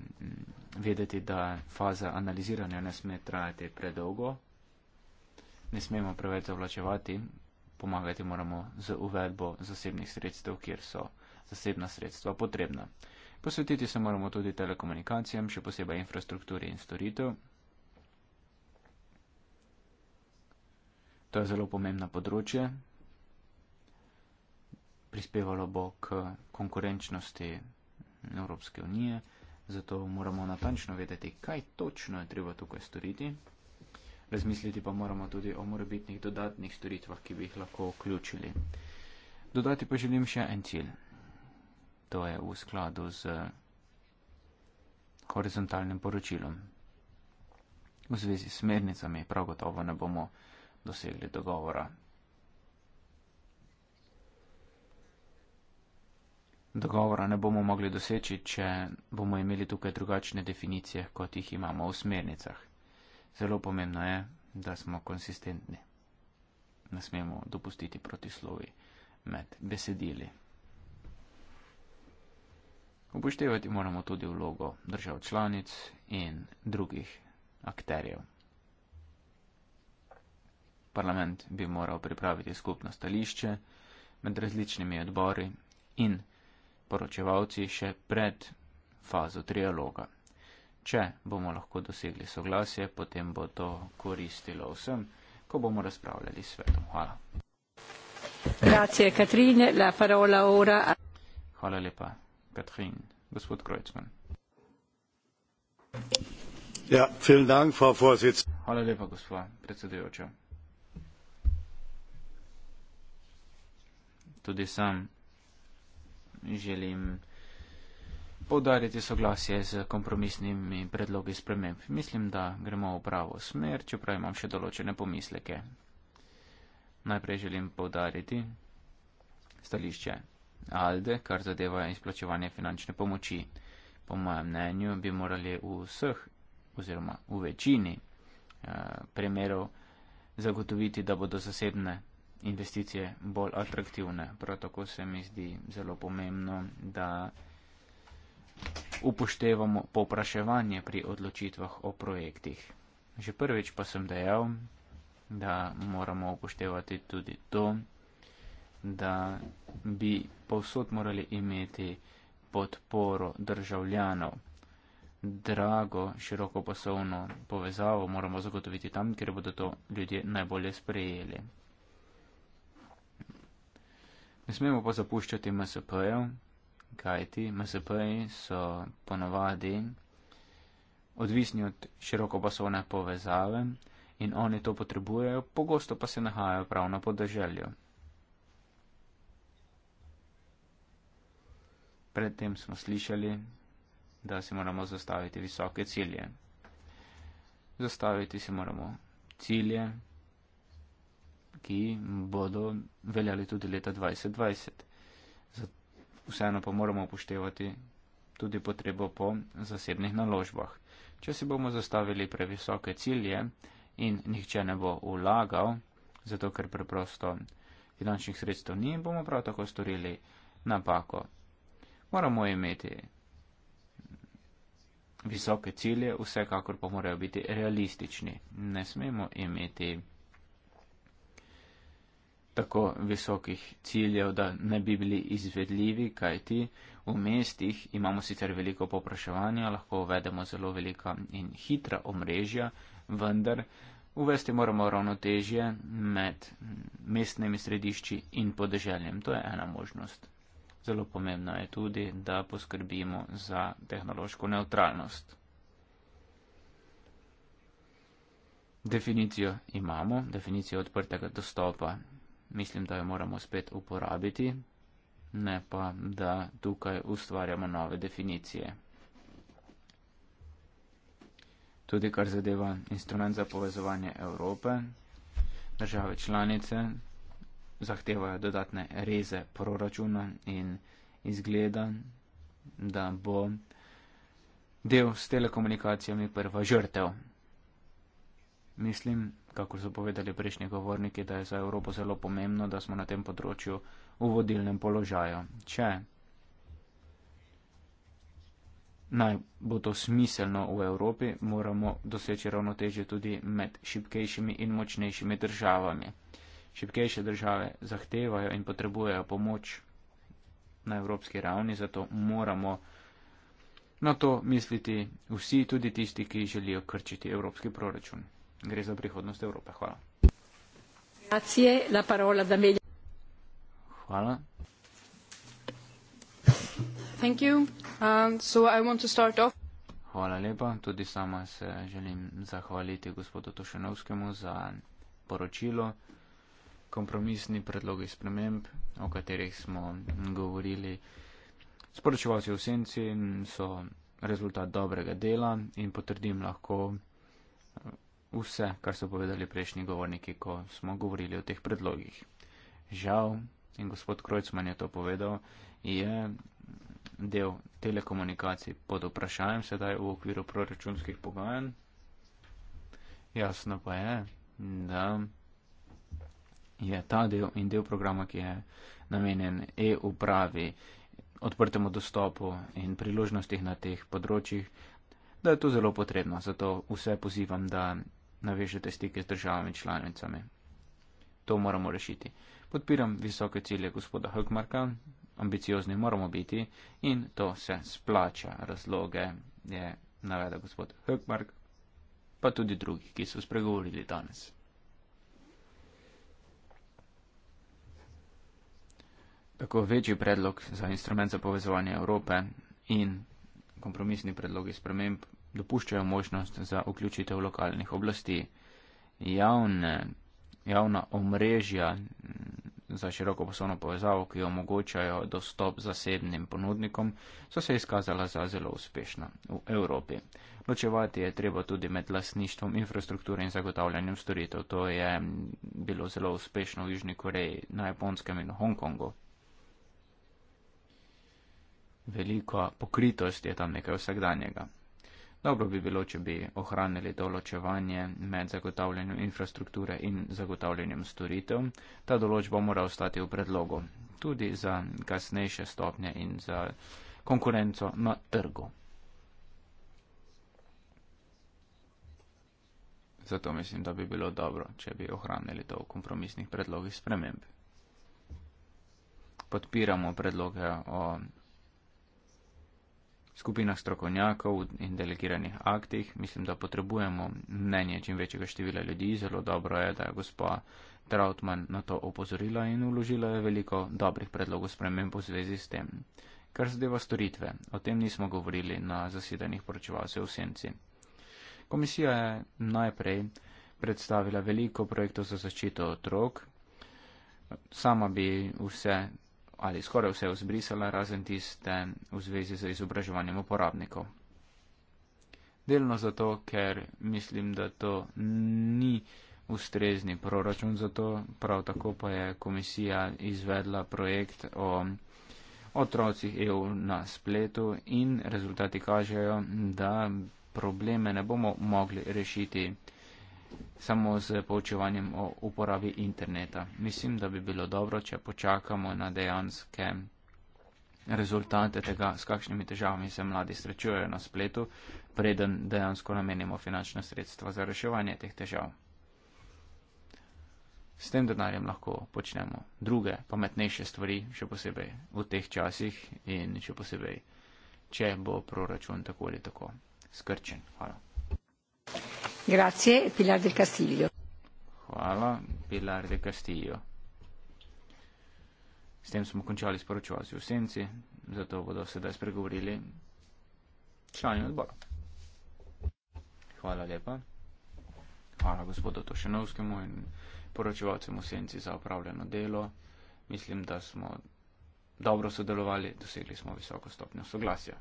vedeti, da faza analiziranja ne sme trajati predolgo. Ne smemo preveč zavlačevati. Pomagati moramo z uvedbo zasebnih sredstev, kjer so zasebna sredstva potrebna. Posvetiti se moramo tudi telekomunikacijam, še posebej infrastrukturi in storitev. To je zelo pomembno področje. Prispevalo bo k konkurenčnosti Evropske unije, zato moramo natančno vedeti, kaj točno je treba tukaj storiti. Razmisliti pa moramo tudi o morebitnih dodatnih storitvah, ki bi jih lahko vključili. Dodati pa želim še en cilj. To je v skladu z horizontalnim poročilom. V zvezi s smernicami prav gotovo ne bomo dosegli dogovora. Dogovora ne bomo mogli doseči, če bomo imeli tukaj drugačne definicije, kot jih imamo v smernicah. Zelo pomembno je, da smo konsistentni. Ne smemo dopustiti protislovi med besedili. Upoštevati moramo tudi vlogo držav članic in drugih akterjev. Parlament bi moral pripraviti skupno stališče med različnimi odbori in poročevalci še pred fazo trialoga. Če bomo lahko dosegli soglasje, potem bo to koristilo vsem, ko bomo razpravljali s svetom. Hvala. Grazie, Katrine. La parola ora. Hvala lepa, Katrin. Gospod Krojcman. Ja, vielen Dank, Frau Vorsitz. Hvala lepa, gospod predsedujoča. tudi sam želim podariti soglasje z kompromisnimi predlogi sprememb. Mislim, da gremo v pravo smer, čeprav imam še določene pomisleke. Najprej želim podariti stališče ALDE, kar zadeva izplačevanje finančne pomoči. Po mojem mnenju bi morali v vseh oziroma v večini eh, primerov zagotoviti, da bodo zasebne investicije bolj atraktivne. Prav tako se mi zdi zelo pomembno, da upoštevamo popraševanje pri odločitvah o projektih. Že prvič pa sem dejal, da moramo upoštevati tudi to, da bi povsod morali imeti podporo državljanov. Drago, široko poslovno povezavo moramo zagotoviti tam, kjer bodo to ljudje najbolje sprejeli. Ne smemo pa zapuščati MSP-jev, kajti MSP-ji so ponovadi odvisni od širokopasovne povezave in oni to potrebujejo, pogosto pa se nahajajo prav na podeželju. Predtem smo slišali, da si moramo zastaviti visoke cilje. Zastaviti si moramo cilje, ki bodo veljali tudi leta 2020. Zato vseeno pa moramo upoštevati tudi potrebo po zasebnih naložbah. Če si bomo zastavili previsoke cilje in nihče ne bo vlagal, zato ker preprosto finančnih sredstev ni, bomo prav tako storili napako. Moramo imeti visoke cilje, vsekakor pa morajo biti realistični. Ne smemo imeti tako visokih ciljev, da ne bi bili izvedljivi, kaj ti v mestih imamo sicer veliko popraševanja, lahko uvedemo zelo velika in hitra omrežja, vendar uvesti moramo ravnotežje med mestnimi središči in podeželjem. To je ena možnost. Zelo pomembno je tudi, da poskrbimo za tehnološko neutralnost. Definicijo imamo, definicijo odprtega dostopa mislim, da jo moramo spet uporabiti, ne pa, da tukaj ustvarjamo nove definicije. Tudi kar zadeva instrument za povezovanje Evrope, države članice zahtevajo dodatne reze proračuna in izgleda, da bo del s telekomunikacijami prva žrtev. Mislim, kako so povedali prejšnji govorniki, da je za Evropo zelo pomembno, da smo na tem področju v vodilnem položaju. Če naj bo to smiselno v Evropi, moramo doseči ravnoteže tudi med šipkejšimi in močnejšimi državami. Šipkejše države zahtevajo in potrebujejo pomoč na evropski ravni, zato moramo na to misliti vsi, tudi tisti, ki želijo krčiti evropski proračun gre za prihodnost Evrope. Hvala. Hvala. Um, Hvala lepa. Tudi sama se želim zahvaliti gospodu Tošenovskemu za poročilo. Kompromisni predlogi sprememb, o katerih smo govorili sporočevalci v senci, so rezultat dobrega dela in potrdim lahko vse, kar so povedali prejšnji govorniki, ko smo govorili o teh predlogih. Žal, in gospod Krojcman je to povedal, je del telekomunikacij pod vprašanjem sedaj v okviru proračunskih pogajanj. Jasno pa je, da je ta del in del programa, ki je namenjen e-upravi, odprtemu dostopu in priložnostih na teh področjih, da je to zelo potrebno. Zato vse pozivam, da navežete stike z državami članicami. To moramo rešiti. Podpiram visoke cilje gospoda Hökmarka, ambiciozni moramo biti in to se splača. Razloge je navedel gospod Hökmark, pa tudi drugi, ki so spregovorili danes. Tako večji predlog za instrument za povezovanje Evrope in kompromisni predlogi sprememb dopuščajo možnost za vključitev lokalnih oblasti. Javne, javna omrežja mm, za široko poslovno povezavo, ki omogočajo dostop zasebnim ponudnikom, so se izkazala za zelo uspešna v Evropi. Ločevati je treba tudi med lasništvom infrastrukture in zagotavljanjem storitev. To je bilo zelo uspešno v Južni Koreji, na Japonskem in Hongkongu. Velika pokritost je tam nekaj vsakdanjega. Dobro bi bilo, če bi ohranili to ločevanje med zagotavljanjem infrastrukture in zagotavljanjem storitev. Ta določba mora ostati v predlogu tudi za kasnejše stopnje in za konkurenco na trgu. Zato mislim, da bi bilo dobro, če bi ohranili to v kompromisnih predlogih sprememb. Podpiramo predloge o skupinah strokovnjakov in delegiranih aktih. Mislim, da potrebujemo mnenje čim večjega števila ljudi. Zelo dobro je, da je gospa Trautmann na to opozorila in uložila je veliko dobrih predlogov spremem po zvezi s tem. Kar zadeva storitve, o tem nismo govorili na zasedanjih poročevalcev v Senci. Komisija je najprej predstavila veliko projektov za zaščito otrok. Sama bi vse ali skoraj vse vzbrisala, razen tiste v zvezi z izobraževanjem uporabnikov. Delno zato, ker mislim, da to ni ustrezni proračun za to, prav tako pa je komisija izvedla projekt o otrocih EU na spletu in rezultati kažejo, da probleme ne bomo mogli rešiti samo z poučevanjem o uporabi interneta. Mislim, da bi bilo dobro, če počakamo na dejanske rezultate tega, s kakšnimi težavami se mladi srečujejo na spletu, preden dejansko namenimo finančna sredstva za reševanje teh težav. S tem denarjem lahko počnemo druge pametnejše stvari, še posebej v teh časih in še posebej, če bo proračun tako ali tako skrčen. Hvala. Grazie, Pilar del Castillo. Hvala, Pilar del Castillo. S tem smo končali s poročovalci v senci, zato bodo sedaj spregovorili člani odbora. Hvala lepa. Hvala gospodu Tošenovskemu in poročevalcem v senci za opravljeno delo. Mislim, da smo dobro sodelovali, dosegli smo visoko stopnjo soglasja.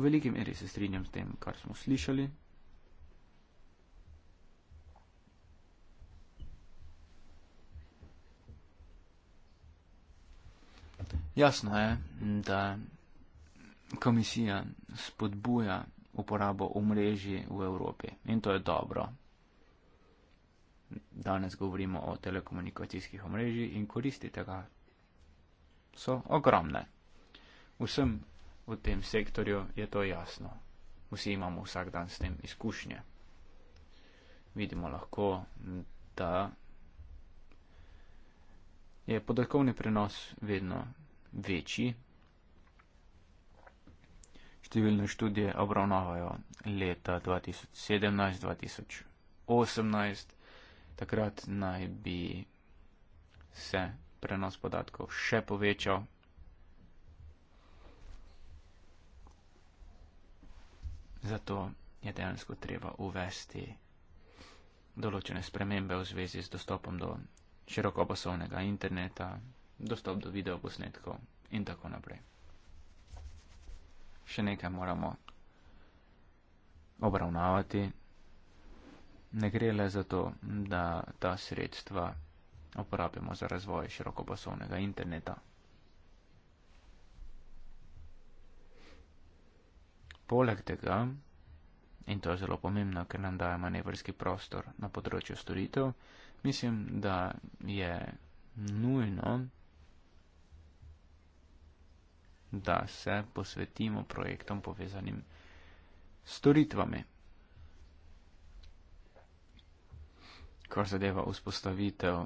V veliki meri se strinjam s tem, kar smo slišali. Jasno je, da komisija spodbuja uporabo omrežij v Evropi in to je dobro. Danes govorimo o telekomunikacijskih omrežjih in koristi tega so ogromne. Vsem v tem sektorju, je to jasno. Vsi imamo vsak dan s tem izkušnje. Vidimo lahko, da je podatkovni prenos vedno večji. Številne študije obravnavajo leta 2017-2018. Takrat naj bi se prenos podatkov še povečal, Zato je dejansko treba uvesti določene spremembe v zvezi z dostopom do širokopasovnega interneta, dostop do videoposnetkov in tako naprej. Še nekaj moramo obravnavati. Ne gre le za to, da ta sredstva uporabimo za razvoj širokopasovnega interneta. Poleg tega, in to je zelo pomembno, ker nam daje manevrski prostor na področju storitev, mislim, da je nujno, da se posvetimo projektom povezanim s storitvami. Kar zadeva vzpostavitev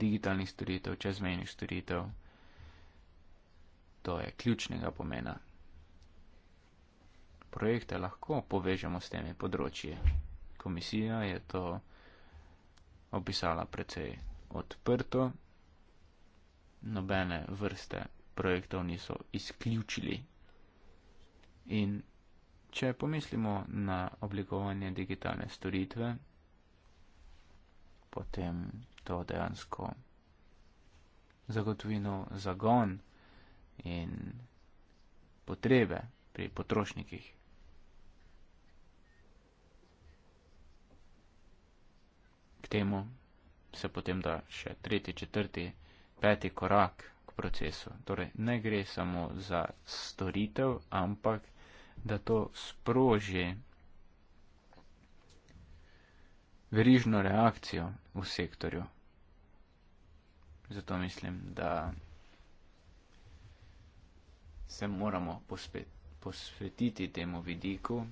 digitalnih storitev, čezmejnih storitev, to je ključnega pomena projekte lahko povežemo s temi področji. Komisija je to opisala precej odprto. Nobene vrste projektov niso izključili. In če pomislimo na oblikovanje digitalne storitve, potem to dejansko zagotovi nov zagon in potrebe pri potrošnikih. temu se potem da še tretji, četrti, peti korak k procesu. Torej, ne gre samo za storitev, ampak da to sproži verižno reakcijo v sektorju. Zato mislim, da se moramo pospet, posvetiti temu vidiku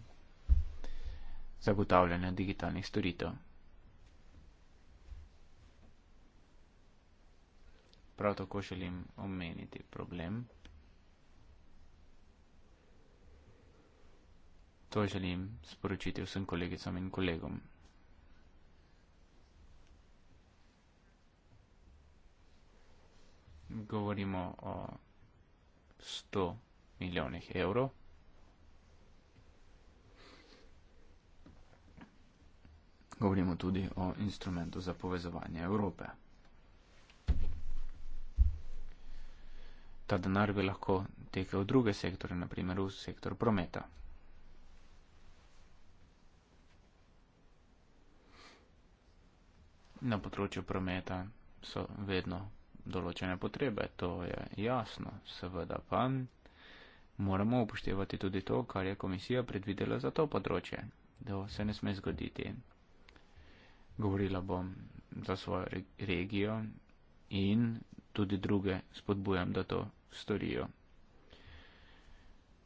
zagotavljanja digitalnih storitev. prav tako želim omeniti problem. To želim sporočiti vsem kolegicam in kolegom. Govorimo o 100 milijonih evrov. Govorimo tudi o instrumentu za povezovanje Evrope. ta denar bi lahko tekel v druge sektore, naprimer v sektor prometa. Na področju prometa so vedno določene potrebe, to je jasno, seveda pa moramo upoštevati tudi to, kar je komisija predvidela za to področje, da se ne sme zgoditi. Govorila bom za svojo regijo in tudi druge spodbujam, da to storijo.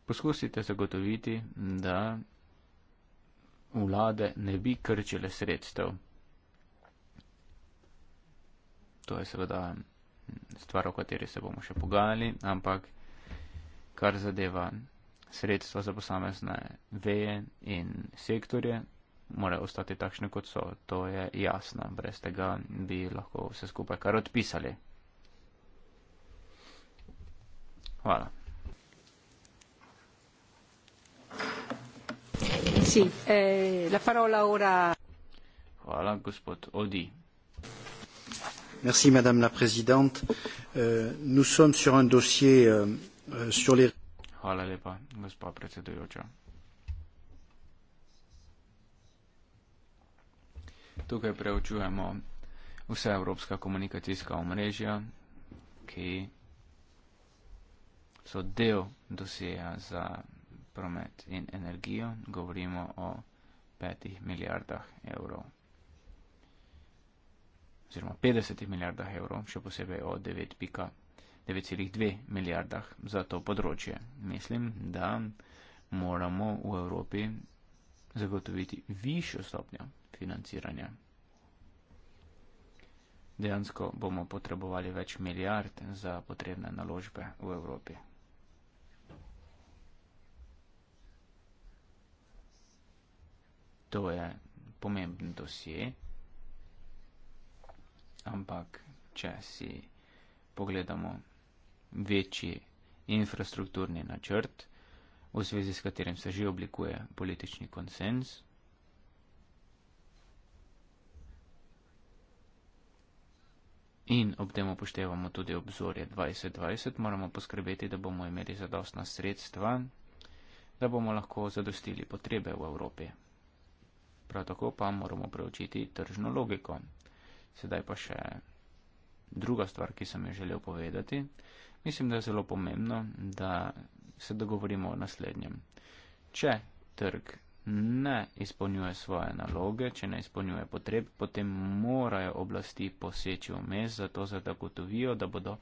Poskusite zagotoviti, da vlade ne bi krčile sredstev. To je seveda stvar, o kateri se bomo še pogajali, ampak kar zadeva sredstva za posamezne veje in sektorje, morajo ostati takšne, kot so. To je jasno. Brez tega bi lahko vse skupaj kar odpisali. Hvala. Sì, eh, la parola ora. Hvala, gospod Odi. Merci, madame la présidente. Euh, nous sommes sur un dossier euh, euh sur les. Hvala lepa, gospod predsedujoča. Tukaj preučujemo vse evropska komunikacijska omrežja, ki so del dosjeja za promet in energijo, govorimo o petih milijardah evrov oziroma 50 milijardah evrov, še posebej o 9,2 milijardah za to področje. Mislim, da moramo v Evropi zagotoviti višjo stopnjo financiranja. Dejansko bomo potrebovali več milijard za potrebne naložbe v Evropi. to je pomemben dosje, ampak če si pogledamo večji infrastrukturni načrt, v zvezi s katerim se že oblikuje politični konsens, In ob tem upoštevamo tudi obzorje 2020, moramo poskrbeti, da bomo imeli zadostna sredstva, da bomo lahko zadostili potrebe v Evropi. Prav tako pa moramo preučiti tržno logiko. Sedaj pa še druga stvar, ki sem jo želel povedati. Mislim, da je zelo pomembno, da se dogovorimo o naslednjem. Če trg ne izpolnjuje svoje naloge, če ne izpolnjuje potreb, potem morajo oblasti poseči vmes za to, da gotovijo, da bodo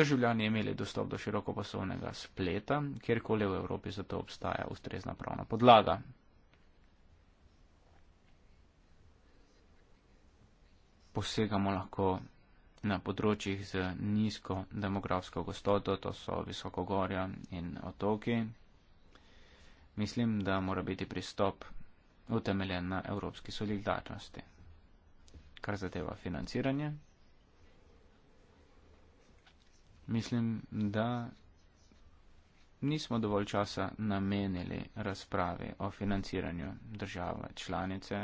državljani imeli dostop do širokopasovnega spleta, kjerkoli v Evropi za to obstaja ustrezna pravna podlaga. posegamo lahko na področjih z nizko demografsko gostoto, to so visokogorja in otoki. Mislim, da mora biti pristop utemeljen na evropski solidarnosti. Kar zadeva financiranje, mislim, da nismo dovolj časa namenili razpravi o financiranju države članice,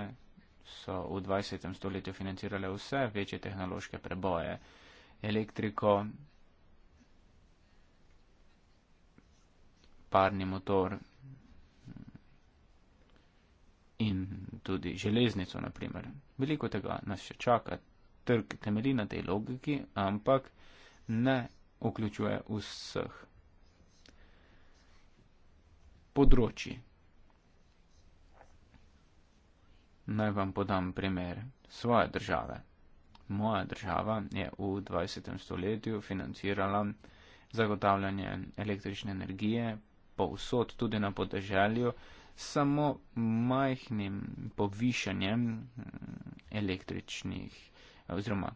so v 20. stoletju financirale vse večje tehnološke preboje, elektriko, parni motor in tudi železnico, naprimer. Veliko tega nas še čaka, trg temeli na tej logiki, ampak ne vključuje vseh področji. Naj vam podam primer svoje države. Moja država je v 20. stoletju financirala zagotavljanje električne energije povsod, tudi na podeželju, samo majhnim povišanjem mm, električnih oziroma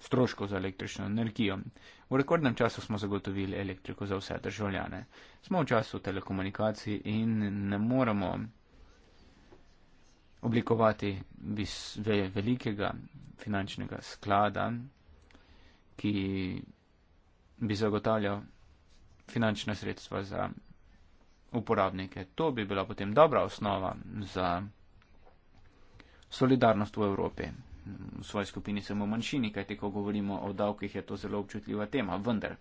stroškov za električno energijo. V rekordnem času smo zagotovili elektriko za vse državljane. Smo v času telekomunikacij in ne moremo oblikovati velikega finančnega sklada, ki bi zagotavljal finančne sredstva za uporabnike. To bi bila potem dobra osnova za solidarnost v Evropi. V svoji skupini sem v manjšini, kajti ko govorimo o davkih, je to zelo občutljiva tema. Vendar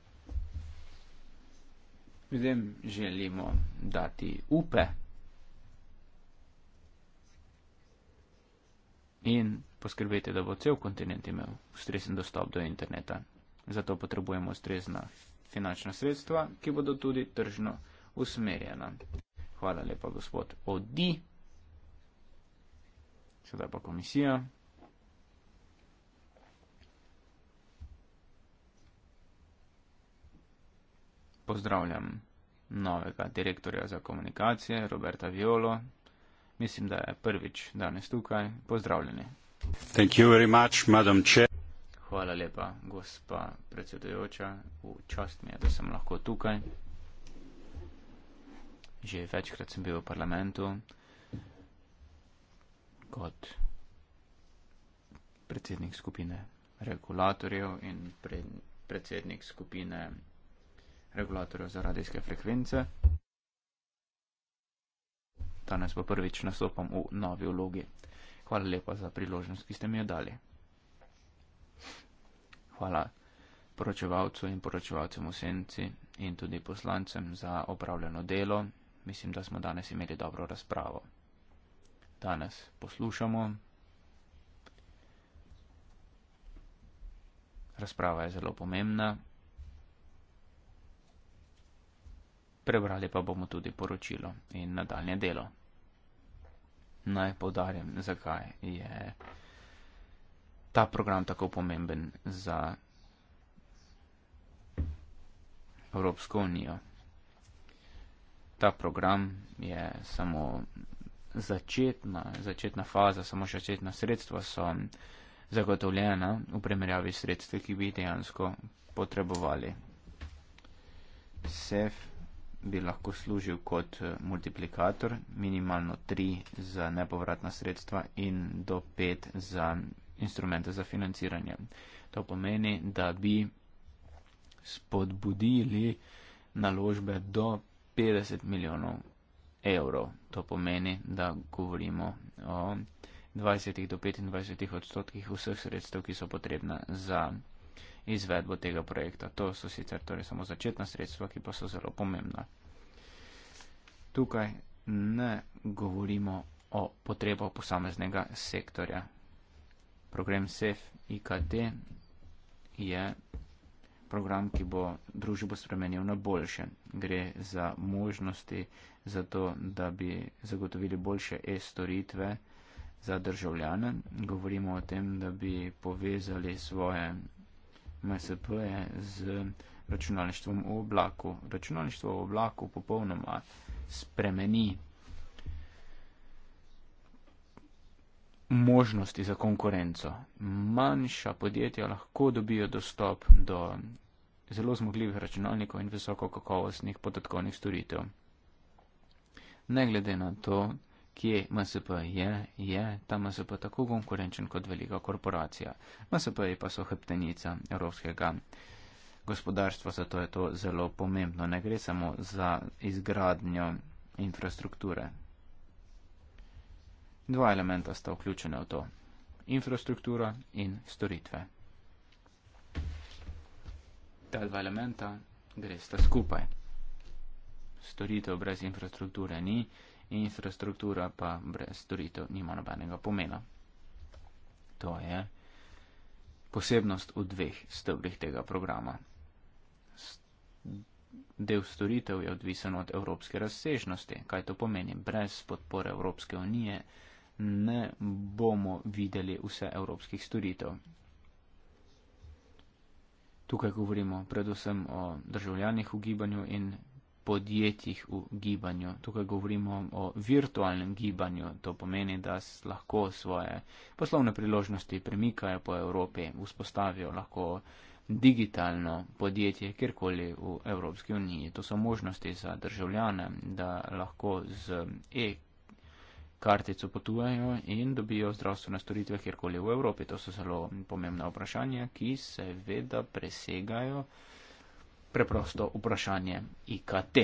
ljudem želimo dati upe. in poskrbeti, da bo cel kontinent imel ustrezen dostop do interneta. Zato potrebujemo ustrezna finančna sredstva, ki bodo tudi tržno usmerjena. Hvala lepa, gospod Odi. Sedaj pa komisija. Pozdravljam novega direktorja za komunikacije, Roberta Violo mislim, da je prvič danes tukaj. Pozdravljeni. Much, Hvala lepa, gospa predsedujoča. V čast mi je, da sem lahko tukaj. Že večkrat sem bil v parlamentu kot predsednik skupine regulatorjev in predsednik skupine regulatorjev za radijske frekvence danes pa prvič nastopam v novi vlogi. Hvala lepa za priložnost, ki ste mi jo dali. Hvala poročevalcu in poročevalcem v senci in tudi poslancem za opravljeno delo. Mislim, da smo danes imeli dobro razpravo. Danes poslušamo. Razprava je zelo pomembna. prebrali pa bomo tudi poročilo in nadaljne delo. Naj podarim, zakaj je ta program tako pomemben za Evropsko unijo. Ta program je samo začetna, začetna faza, samo še začetna sredstva so zagotovljena v primerjavi sredstvi, ki bi dejansko potrebovali. SEF bi lahko služil kot eh, multiplikator, minimalno 3 za nepovratna sredstva in do 5 za instrumente za financiranje. To pomeni, da bi spodbudili naložbe do 50 milijonov evrov. To pomeni, da govorimo o 20 do 25 odstotkih vseh sredstev, ki so potrebna za izvedbo tega projekta. To so sicer torej samo začetna sredstva, ki pa so zelo pomembna. Tukaj ne govorimo o potrebah posameznega sektorja. Program SEF IKT je program, ki bo družbo spremenil na boljše. Gre za možnosti za to, da bi zagotovili boljše e-storitve za državljane. Govorimo o tem, da bi povezali svoje MSP-je z računalništvom v oblaku. Računalništvo v oblaku popolnoma spremeni možnosti za konkurenco. Manjša podjetja lahko dobijo dostop do zelo zmogljivih računalnikov in visoko kakovostnih podatkovnih storitev. Ne glede na to, kje MSP je, je, ta MSP tako konkurenčen kot velika korporacija. MSP je pa so hrbtenica evropskega gospodarstva, zato je to zelo pomembno. Ne gre samo za izgradnjo infrastrukture. Dva elementa sta vključena v to. Infrastruktura in storitve. Ta dva elementa gre sta skupaj. Storitev brez infrastrukture ni infrastruktura pa brez storitev nima nobenega pomena. To je posebnost v dveh stebrih tega programa. Del storitev je odvisen od evropske razsežnosti. Kaj to pomeni? Brez podpore Evropske unije ne bomo videli vse evropskih storitev. Tukaj govorimo predvsem o državljanih v gibanju in podjetjih v gibanju. Tukaj govorimo o virtualnem gibanju. To pomeni, da lahko svoje poslovne priložnosti premikajo po Evropi, vzpostavijo lahko digitalno podjetje kjerkoli v Evropski uniji. To so možnosti za državljane, da lahko z e kartico potujejo in dobijo zdravstvene storitve kjerkoli v Evropi. To so zelo pomembna vprašanja, ki seveda presegajo preprosto vprašanje IKT.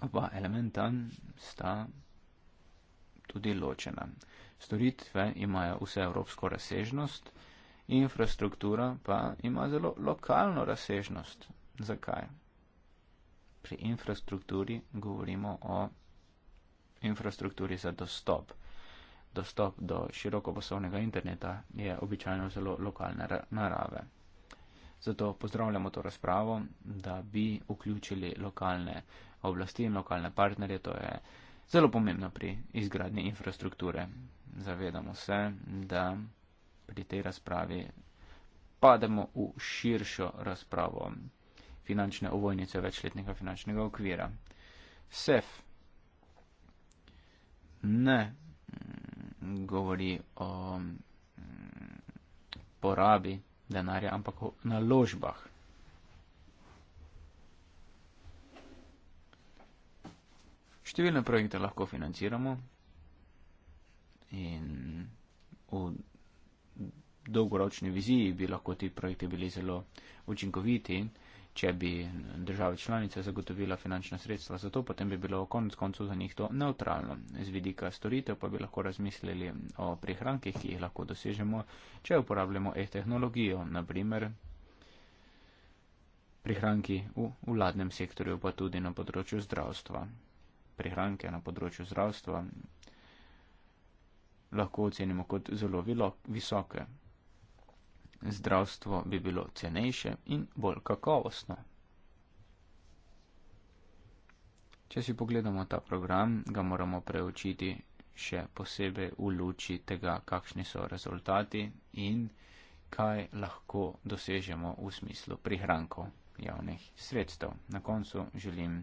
Oba elementa sta tudi ločena. Storitve imajo vse evropsko razsežnost, infrastruktura pa ima zelo lokalno razsežnost. Zakaj? Pri infrastrukturi govorimo o infrastrukturi za dostop. Dostop do širokoposobnega interneta je običajno zelo lokalne narave. Zato pozdravljamo to razpravo, da bi vključili lokalne oblasti in lokalne partnerje. To je zelo pomembno pri izgradni infrastrukture. Zavedamo se, da pri tej razpravi pademo v širšo razpravo finančne ovojnice večletnega finančnega okvira. SEF ne mm, govori o mm, porabi denarja, ampak o naložbah. Številne projekte lahko financiramo in v dolgoročni viziji bi lahko ti projekti bili zelo učinkoviti in učinkoviti če bi države članice zagotovila finančna sredstva za to, potem bi bilo konec koncu za njih to neutralno. Z vidika storitev pa bi lahko razmislili o prihrankih, ki jih lahko dosežemo, če uporabljamo e-tehnologijo, naprimer prihranki v vladnem sektorju, pa tudi na področju zdravstva. Prihranke na področju zdravstva lahko ocenimo kot zelo visoke zdravstvo bi bilo cenejše in bolj kakovostno. Če si pogledamo ta program, ga moramo preučiti še posebej v luči tega, kakšni so rezultati in kaj lahko dosežemo v smislu prihrankov javnih sredstev. Na koncu želim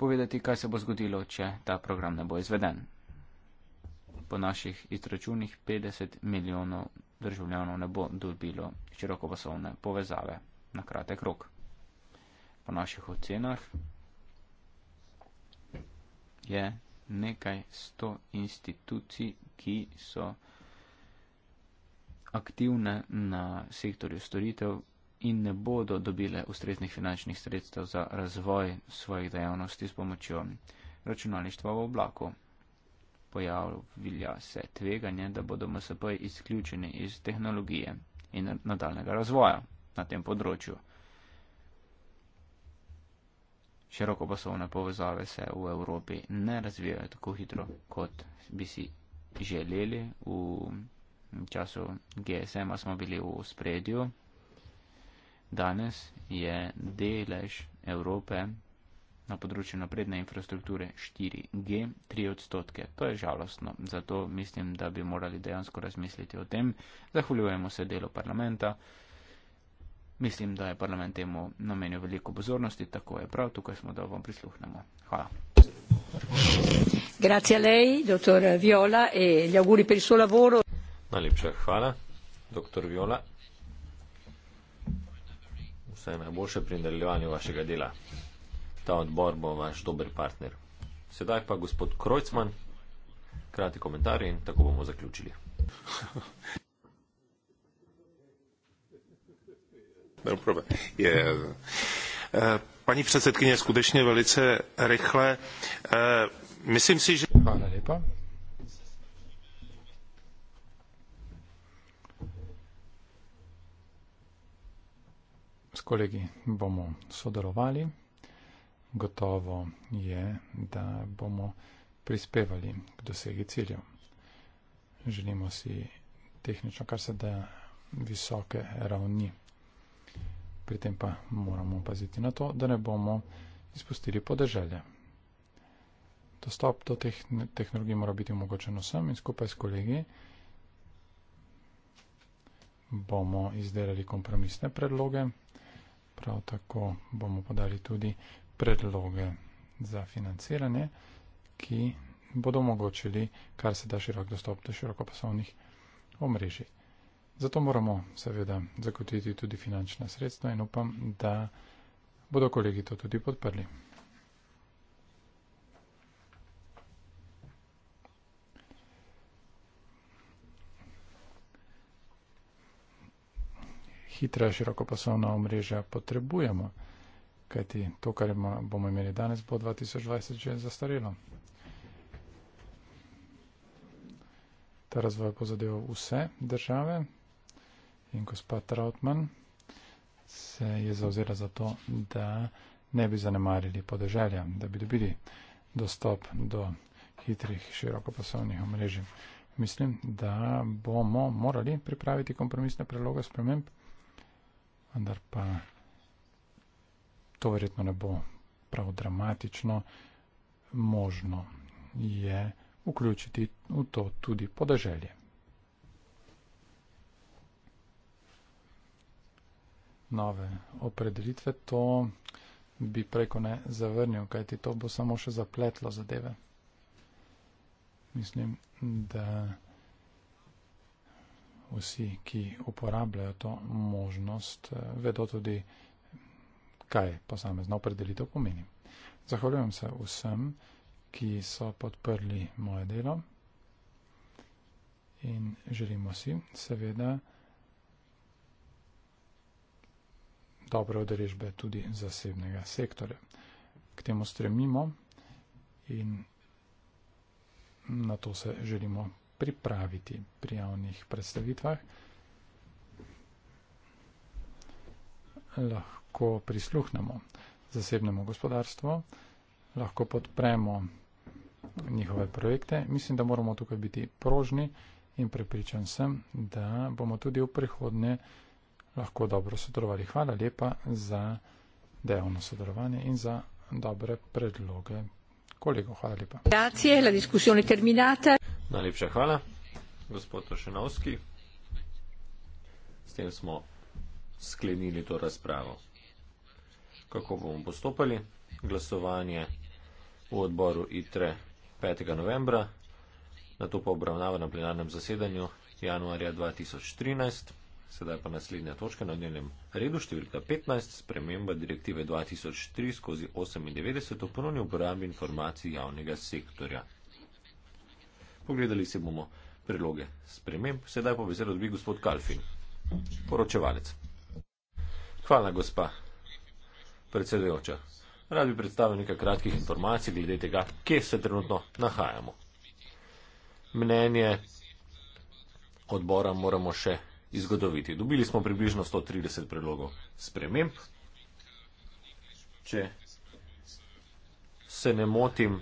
povedati, kaj se bo zgodilo, če ta program ne bo izveden po naših izračunih 50 milijonov državljanov ne bo dobilo širokopasovne povezave na kratek rok. Po naših ocenah je nekaj sto institucij, ki so aktivne na sektorju storitev in ne bodo dobile ustreznih finančnih sredstev za razvoj svojih dejavnosti s pomočjo računalništva v oblaku pojavlja se tveganje, da bodo MSP izključeni iz tehnologije in nadaljnega razvoja na tem področju. Široko pasovne povezave se v Evropi ne razvijajo tako hitro, kot bi si želeli. V času GSM-a smo bili v spredju. Danes je delež Evrope na področju napredne infrastrukture 4G 3 odstotke. To je žalostno, zato mislim, da bi morali dejansko razmisliti o tem. Zahvaljujemo se delu parlamenta. Mislim, da je parlament temu namenil veliko pozornosti, tako je prav, tukaj smo, da vam prisluhnemo. Hvala. Grazie a lei, dottor Viola, e gli auguri per il suo lavoro. Najlepša hvala, dottor Viola. Vse najboljše pri nadaljevanju vašega dela ta odbor bo vaš dober partner. Sedaj pa gospod Krojcman, krati komentar in tako bomo zaključili. No Je, eh, eh, paní předsedkyně, skutečně velice rychle. Eh, myslím si, že... Pane Lipa. S kolegy bomo sodorovali gotovo je, da bomo prispevali k dosegi ciljev. Želimo si tehnično kar se da visoke ravni. Pri tem pa moramo paziti na to, da ne bomo izpustili podeželje. Dostop do teh tehnologij mora biti omogočen vsem in skupaj s kolegi bomo izdelali kompromisne predloge. Prav tako bomo podali tudi predloge za financiranje, ki bodo omogočili kar se da širok dostop do širokopasovnih omrežij. Zato moramo seveda zagotoviti tudi finančna sredstva in upam, da bodo kolegi to tudi podprli. Hitra širokopasovna omrežja potrebujemo kajti to, kar bomo imeli danes, bo 2020 že zastarelo. Ta razvoj bo zadeval vse države in gospod Trautmann se je zauzela za to, da ne bi zanemarili podeželja, da bi dobili dostop do hitrih širokopasovnih omrežij. Mislim, da bomo morali pripraviti kompromisne preloge sprememb, vendar pa to verjetno ne bo prav dramatično, možno je vključiti v to tudi podeželje. Nove opredelitve, to bi preko ne zavrnil, kajti to bo samo še zapletlo zadeve. Mislim, da vsi, ki uporabljajo to možnost, vedo tudi, kaj posamezna opredelitev pomeni. Zahvaljujem se vsem, ki so podprli moje delo in želimo si seveda dobre odrežbe tudi zasebnega sektorja. K temu stremimo in na to se želimo pripraviti pri javnih predstavitvah. Lahko lahko prisluhnemo zasebnemu gospodarstvu, lahko podpremo njihove projekte. Mislim, da moramo tukaj biti prožni in prepričan sem, da bomo tudi v prihodnje lahko dobro sodelovali. Hvala lepa za dejavno sodelovanje in za dobre predloge. Kolego, hvala lepa. Grazie, la diskusione terminata. Najlepša hvala, gospod Tošenovski. S tem smo sklenili to razpravo kako bomo postopali. Glasovanje v odboru ITRE 5. novembra, na to pa obravnava na plenarnem zasedanju januarja 2013. Sedaj pa naslednja točka na dnevnem redu, številka 15, sprememba direktive 2003-98 o ponovni uporabi informacij javnega sektorja. Pogledali se bomo priloge sprememb, sedaj pa veselo dobi gospod Kalfin, poročevalec. Hvala, gospa predsedujoča. Rad bi predstavil nekaj kratkih informacij glede tega, kje se trenutno nahajamo. Mnenje odbora moramo še izgodoviti. Dobili smo približno 130 predlogov sprememb. Če se ne motim,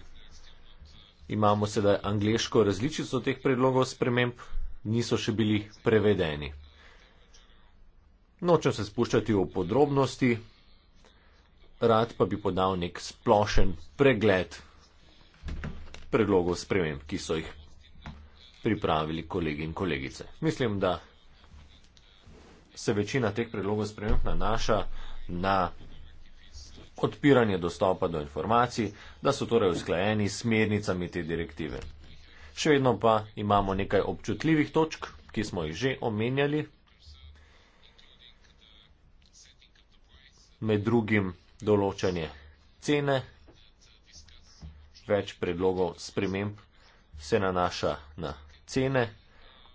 imamo sedaj angliško različico teh predlogov sprememb, niso še bili prevedeni. Nočem se spuščati v podrobnosti rad pa bi podal nek splošen pregled predlogov sprememb, ki so jih pripravili kolegi in kolegice. Mislim, da se večina teh predlogov sprememb nanaša na odpiranje dostopa do informacij, da so torej usklajeni s smernicami te direktive. Še vedno pa imamo nekaj občutljivih točk, ki smo jih že omenjali. Med drugim določanje cene, več predlogov sprememb se nanaša na cene,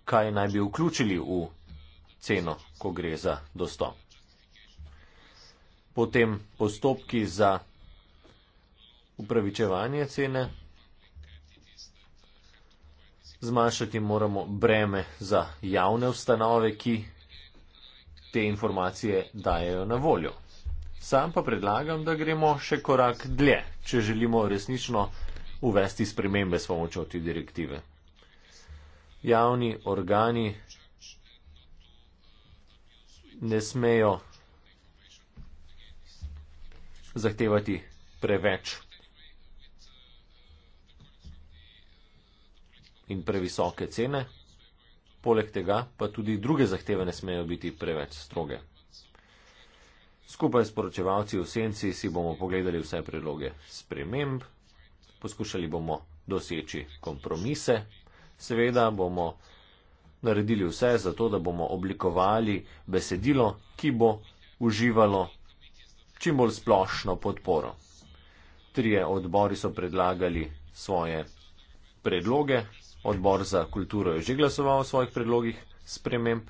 kaj naj bi vključili v ceno, ko gre za dostop. Potem postopki za upravičevanje cene. Zmanjšati moramo breme za javne ustanove, ki te informacije dajo na voljo. Sam pa predlagam, da gremo še korak dlje, če želimo resnično uvesti spremembe s pomočjo te direktive. Javni organi ne smejo zahtevati preveč in previsoke cene, poleg tega pa tudi druge zahteve ne smejo biti preveč stroge. Skupaj s poročevalci v senci si bomo pogledali vse predloge sprememb, poskušali bomo doseči kompromise, seveda bomo naredili vse za to, da bomo oblikovali besedilo, ki bo uživalo čim bolj splošno podporo. Trije odbori so predlagali svoje predloge, odbor za kulturo je že glasoval o svojih predlogih sprememb.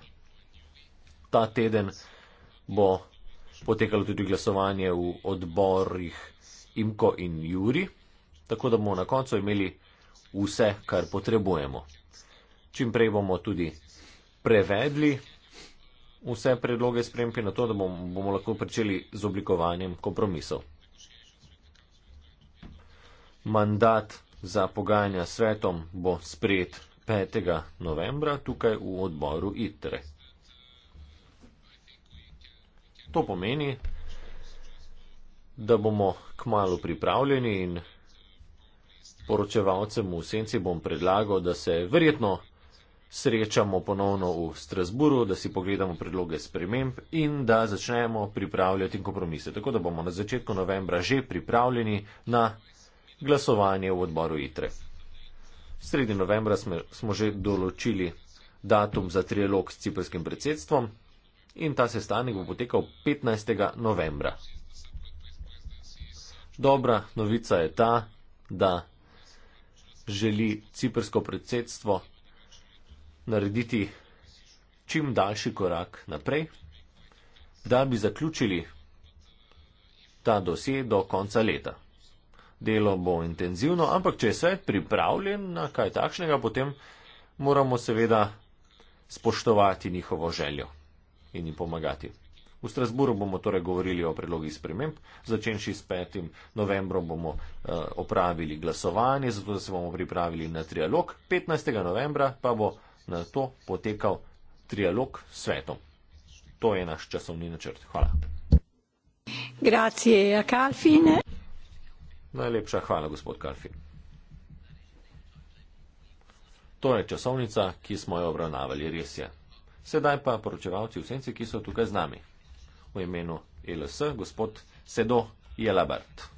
Ta teden bo potekalo tudi glasovanje v odborih Imko in Juri, tako da bomo na koncu imeli vse, kar potrebujemo. Čim prej bomo tudi prevedli vse predloge spremke na to, da bomo, bomo lahko pričeli z oblikovanjem kompromisov. Mandat za pogajanja svetom bo sprejet 5. novembra tukaj v odboru ITRE. To pomeni, da bomo kmalo pripravljeni in poročevalcem v senci bom predlagal, da se verjetno srečamo ponovno v Strasburu, da si pogledamo predloge sprememb in da začnemo pripravljati kompromise. Tako da bomo na začetku novembra že pripravljeni na glasovanje v odboru ITRE. Sredi novembra smo, smo že določili datum za trialog s ciprskim predsedstvom in ta sestanek bo potekal 15. novembra. Dobra novica je ta, da želi ciprsko predsedstvo narediti čim daljši korak naprej, da bi zaključili ta dosje do konca leta. Delo bo intenzivno, ampak če je svet pripravljen na kaj takšnega, potem moramo seveda spoštovati njihovo željo in jim pomagati. V Strasburu bomo torej govorili o predlogih sprememb, začenši s 5. novembrom bomo uh, opravili glasovanje, zato se bomo pripravili na trialog, 15. novembra pa bo na to potekal trialog s svetom. To je naš časovni načrt. Hvala. Grazie, eh, Kalfine. Najlepša hvala, gospod Kalfin. To je časovnica, ki smo jo obravnavali, res je. Sedaj pa poročevalci v senci, ki so tukaj z nami. V imenu LS gospod Sedo Jelabert.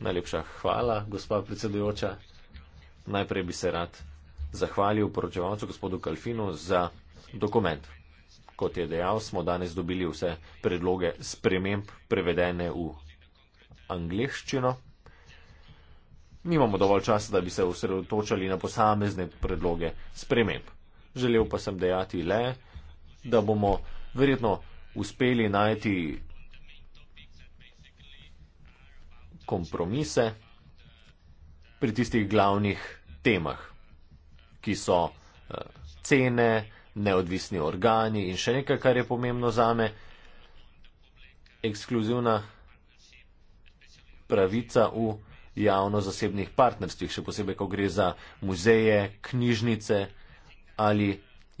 Najlepša hvala, gospa predsedujoča. Najprej bi se rad zahvalil poročevalcu gospodu Kalfinu za dokument. Kot je dejal, smo danes dobili vse predloge sprememb prevedene v angliščino nimamo dovolj časa, da bi se osredotočali na posamezne predloge sprememb. Želel pa sem dejati le, da bomo verjetno uspeli najti kompromise pri tistih glavnih temah, ki so eh, cene, neodvisni organi in še nekaj, kar je pomembno zame, ekskluzivna pravica v javno-zasebnih partnerstvih, še posebej, ko gre za muzeje, knjižnice ali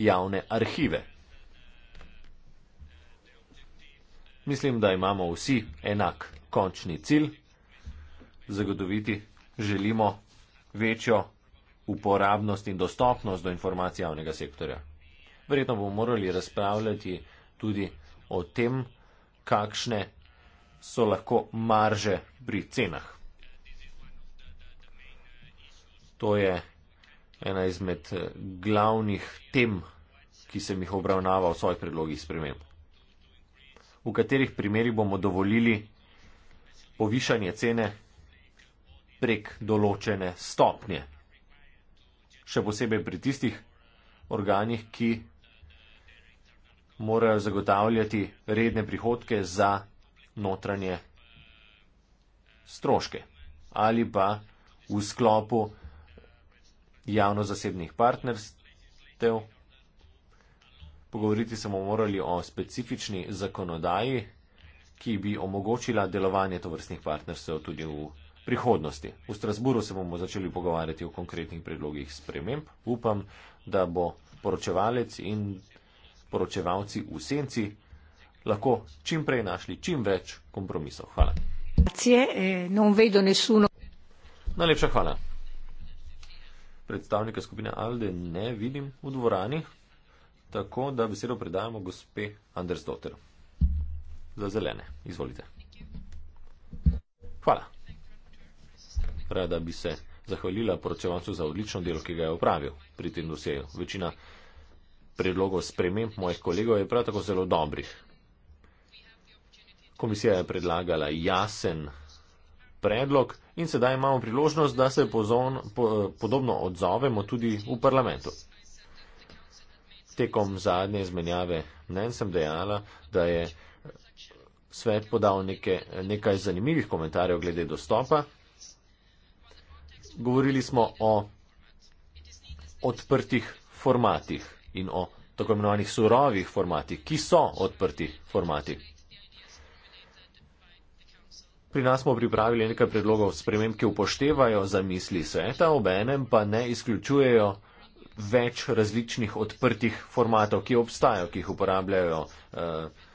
javne arhive. Mislim, da imamo vsi enak končni cilj, zagotoviti želimo večjo uporabnost in dostopnost do informacij javnega sektorja. Verjetno bomo morali razpravljati tudi o tem, kakšne so lahko marže pri cenah. To je ena izmed eh, glavnih tem, ki sem jih obravnaval v svojih predlogih sprememb. V katerih primerih bomo dovolili povišanje cene prek določene stopnje. Še posebej pri tistih organih, ki morajo zagotavljati redne prihodke za notranje stroške ali pa v sklopu javno-zasebnih partnerstev. Pogovoriti se bomo morali o specifični zakonodaji, ki bi omogočila delovanje tovrstnih partnerstev tudi v prihodnosti. V Strasburu se bomo začeli pogovarjati o konkretnih predlogih sprememb. Upam, da bo poročevalec in poročevalci v senci lahko čim prej našli čim več kompromisov. Hvala. Eh, Najlepša hvala predstavnika skupine Alde ne vidim v dvorani, tako da besedo predajamo gospe Andersdotter. Za zelene, izvolite. Hvala. Rada bi se zahvalila poročevalcu za odlično delo, ki ga je opravil pri tem dosjeju. Večina predlogov sprememb mojih kolegov je prav tako zelo dobrih. Komisija je predlagala jasen predlog in sedaj imamo priložnost, da se pozon, po, podobno odzovemo tudi v parlamentu. Tekom zadnje izmenjave mnen sem dejala, da je svet podal neke, nekaj zanimivih komentarjev glede dostopa. Govorili smo o odprtih formatih in o tako imenovanih surovih formatih, ki so odprti formati. Pri nas smo pripravili nekaj predlogov sprememb, ki upoštevajo zamisli sveta, obenem pa ne izključujejo več različnih odprtih formatov, ki obstajajo, ki jih uporabljajo eh,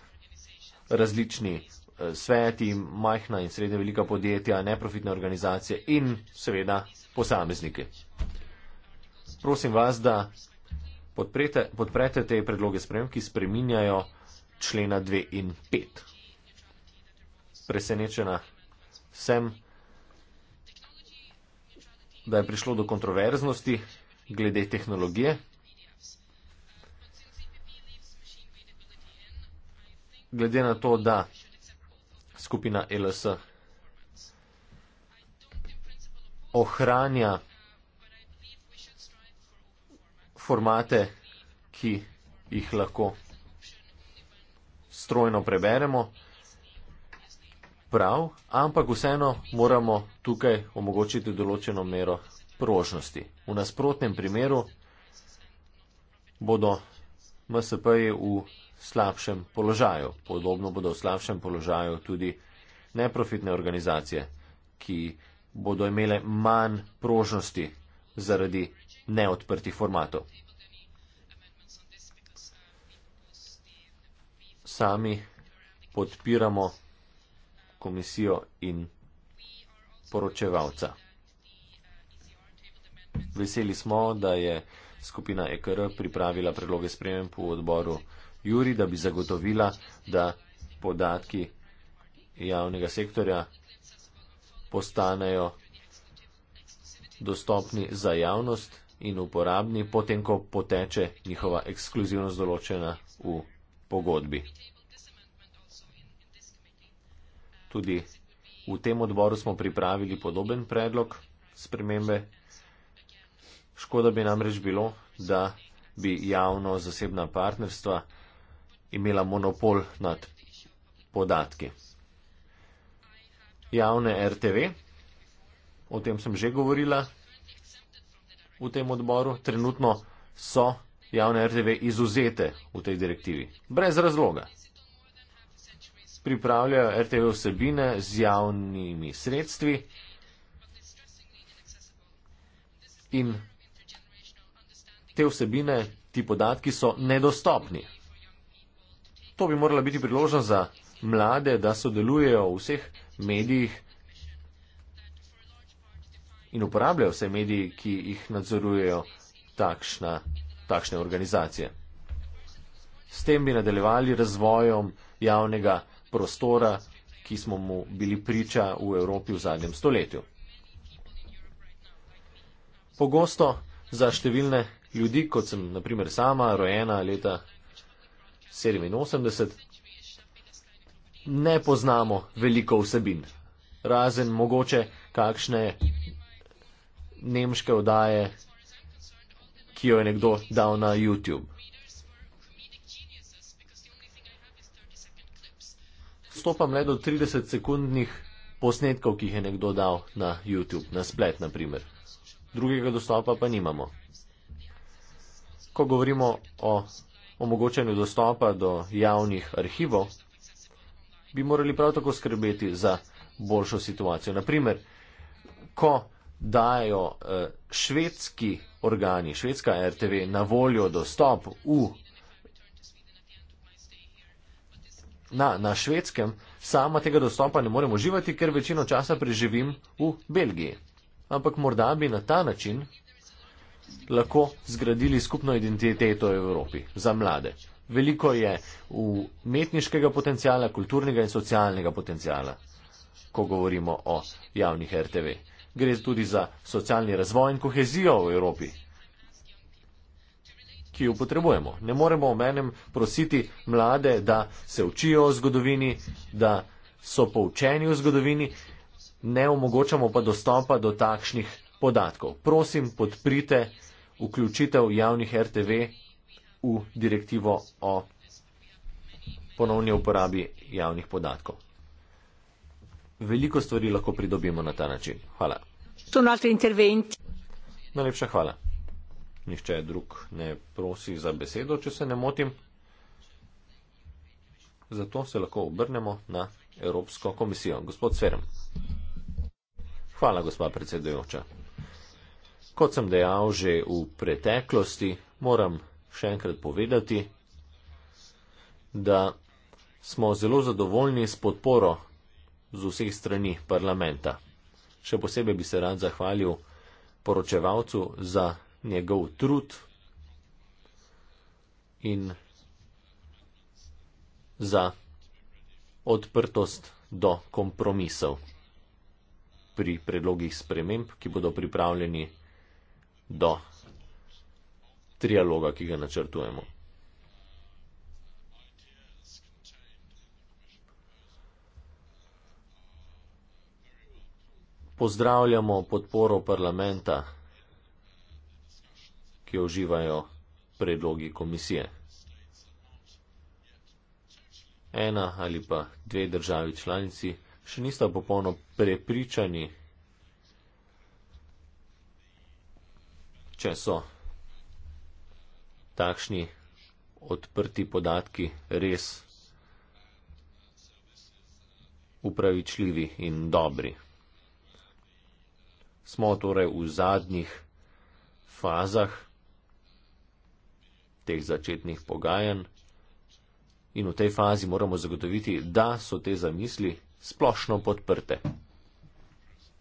različni eh, sveti, majhna in srednja velika podjetja, neprofitne organizacije in seveda posamezniki. Prosim vas, da podprete, podprete te predloge sprememb, ki spreminjajo člena 2 in 5 presenečena sem, da je prišlo do kontroverznosti glede tehnologije. Glede na to, da skupina LS ohranja formate, ki jih lahko strojno preberemo, prav, ampak vseeno moramo tukaj omogočiti določeno mero prožnosti. V nasprotnem primeru bodo MSP-ji v slabšem položaju. Podobno bodo v slabšem položaju tudi neprofitne organizacije, ki bodo imele manj prožnosti zaradi neodprtih formatov. Sami podpiramo komisijo in poročevalca. Veseli smo, da je skupina EKR pripravila predloge sprememb v odboru Juri, da bi zagotovila, da podatki javnega sektorja postanejo dostopni za javnost in uporabni, potem ko poteče njihova ekskluzivnost določena v pogodbi. Tudi v tem odboru smo pripravili podoben predlog spremembe. Škoda bi namreč bilo, da bi javno-zasebna partnerstva imela monopol nad podatki. Javne RTV, o tem sem že govorila v tem odboru, trenutno so javne RTV izuzete v tej direktivi. Brez razloga pripravljajo RTV vsebine z javnimi sredstvi in te vsebine, ti podatki so nedostopni. To bi morala biti priložnost za mlade, da sodelujejo v vseh medijih in uporabljajo vse mediji, ki jih nadzorujejo takšna, takšne organizacije. S tem bi nadaljevali razvojom javnega prostora, ki smo mu bili priča v Evropi v zadnjem stoletju. Pogosto za številne ljudi, kot sem naprimer sama, rojena leta 87, ne poznamo veliko vsebin, razen mogoče kakšne nemške odaje, ki jo je nekdo dal na YouTube. dostopam le do 30 sekundnih posnetkov, ki jih je nekdo dal na YouTube, na splet, na primer. Drugega dostopa pa nimamo. Ko govorimo o omogočanju dostopa do javnih arhivov, bi morali prav tako skrbeti za boljšo situacijo. Naprimer, ko dajo eh, švedski organi, švedska RTV, na voljo dostop v na, na švedskem, sama tega dostopa ne morem uživati, ker večino časa preživim v Belgiji. Ampak morda bi na ta način lahko zgradili skupno identiteto v Evropi za mlade. Veliko je umetniškega potencijala, kulturnega in socialnega potencijala, ko govorimo o javnih RTV. Gre tudi za socialni razvoj in kohezijo v Evropi, ki jo potrebujemo. Ne moremo omenem prositi mlade, da se učijo o zgodovini, da so poučeni o zgodovini, ne omogočamo pa dostopa do takšnih podatkov. Prosim, podprite vključitev javnih RTV v direktivo o ponovni uporabi javnih podatkov. Veliko stvari lahko pridobimo na ta način. Hvala. Najlepša hvala nihče drug ne prosi za besedo, če se ne motim. Zato se lahko obrnemo na Evropsko komisijo. Gospod Sverem. Hvala, gospa predsedujoča. Kot sem dejal že v preteklosti, moram še enkrat povedati, da smo zelo zadovoljni s podporo z vseh strani parlamenta. Še posebej bi se rad zahvalil poročevalcu za njegov trud in za odprtost do kompromisov pri predlogih sprememb, ki bodo pripravljeni do trialoga, ki ga načrtujemo. Pozdravljamo podporo parlamenta ki uživajo predlogi komisije. Ena ali pa dve državi članici še nista popolno prepričani, če so takšni odprti podatki res upravičljivi in dobri. Smo torej v zadnjih fazah teh začetnih pogajanj. In v tej fazi moramo zagotoviti, da so te zamisli splošno podprte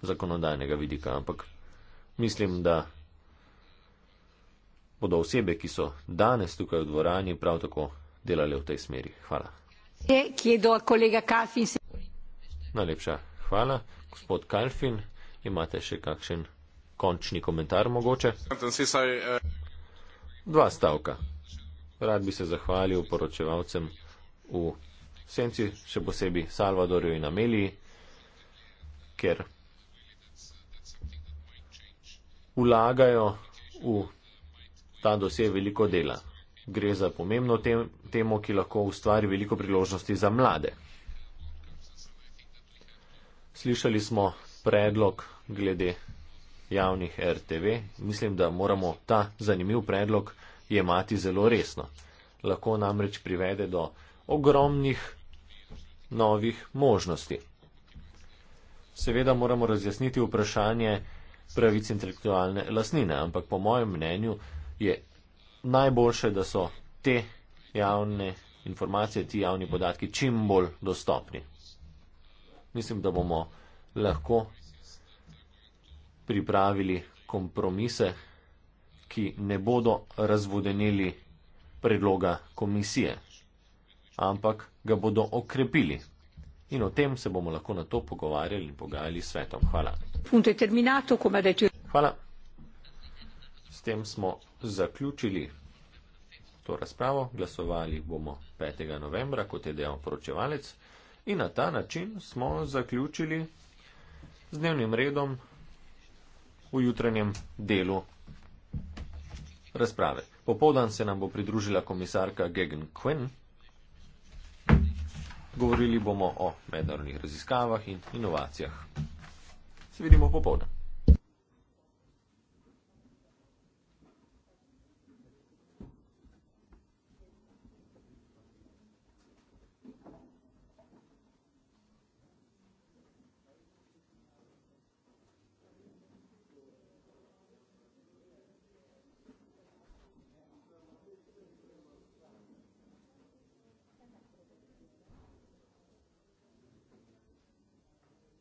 zakonodajnega vidika, ampak mislim, da bodo osebe, ki so danes tukaj v dvorani, prav tako delali v tej smeri. Hvala. Najlepša hvala. Gospod Kalfin, imate še kakšen končni komentar mogoče? Eh, Dva stavka. Rad bi se zahvalil poročevalcem v senci, še posebej Salvadorju in Ameliji, ker vlagajo v ta dosje veliko dela. Gre za pomembno tem, temo, ki lahko ustvari veliko priložnosti za mlade. Slišali smo predlog glede javnih RTV. Mislim, da moramo ta zanimiv predlog jemati zelo resno. Lahko namreč privede do ogromnih novih možnosti. Seveda moramo razjasniti vprašanje pravic intelektualne lasnine, ampak po mojem mnenju je najboljše, da so te javne informacije, ti javni podatki čim bolj dostopni. Mislim, da bomo lahko pripravili kompromise ki ne bodo razvodenili predloga komisije, ampak ga bodo okrepili. In o tem se bomo lahko na to pogovarjali in pogajali s svetom. Hvala. Hvala. S tem smo zaključili to razpravo. Glasovali bomo 5. novembra, kot je dejal poročevalec. In na ta način smo zaključili z dnevnim redom v jutranjem delu razprave. Popoldan se nam bo pridružila komisarka Gegen Quinn. Govorili bomo o mednarodnih raziskavah in inovacijah. Se vidimo popoldan.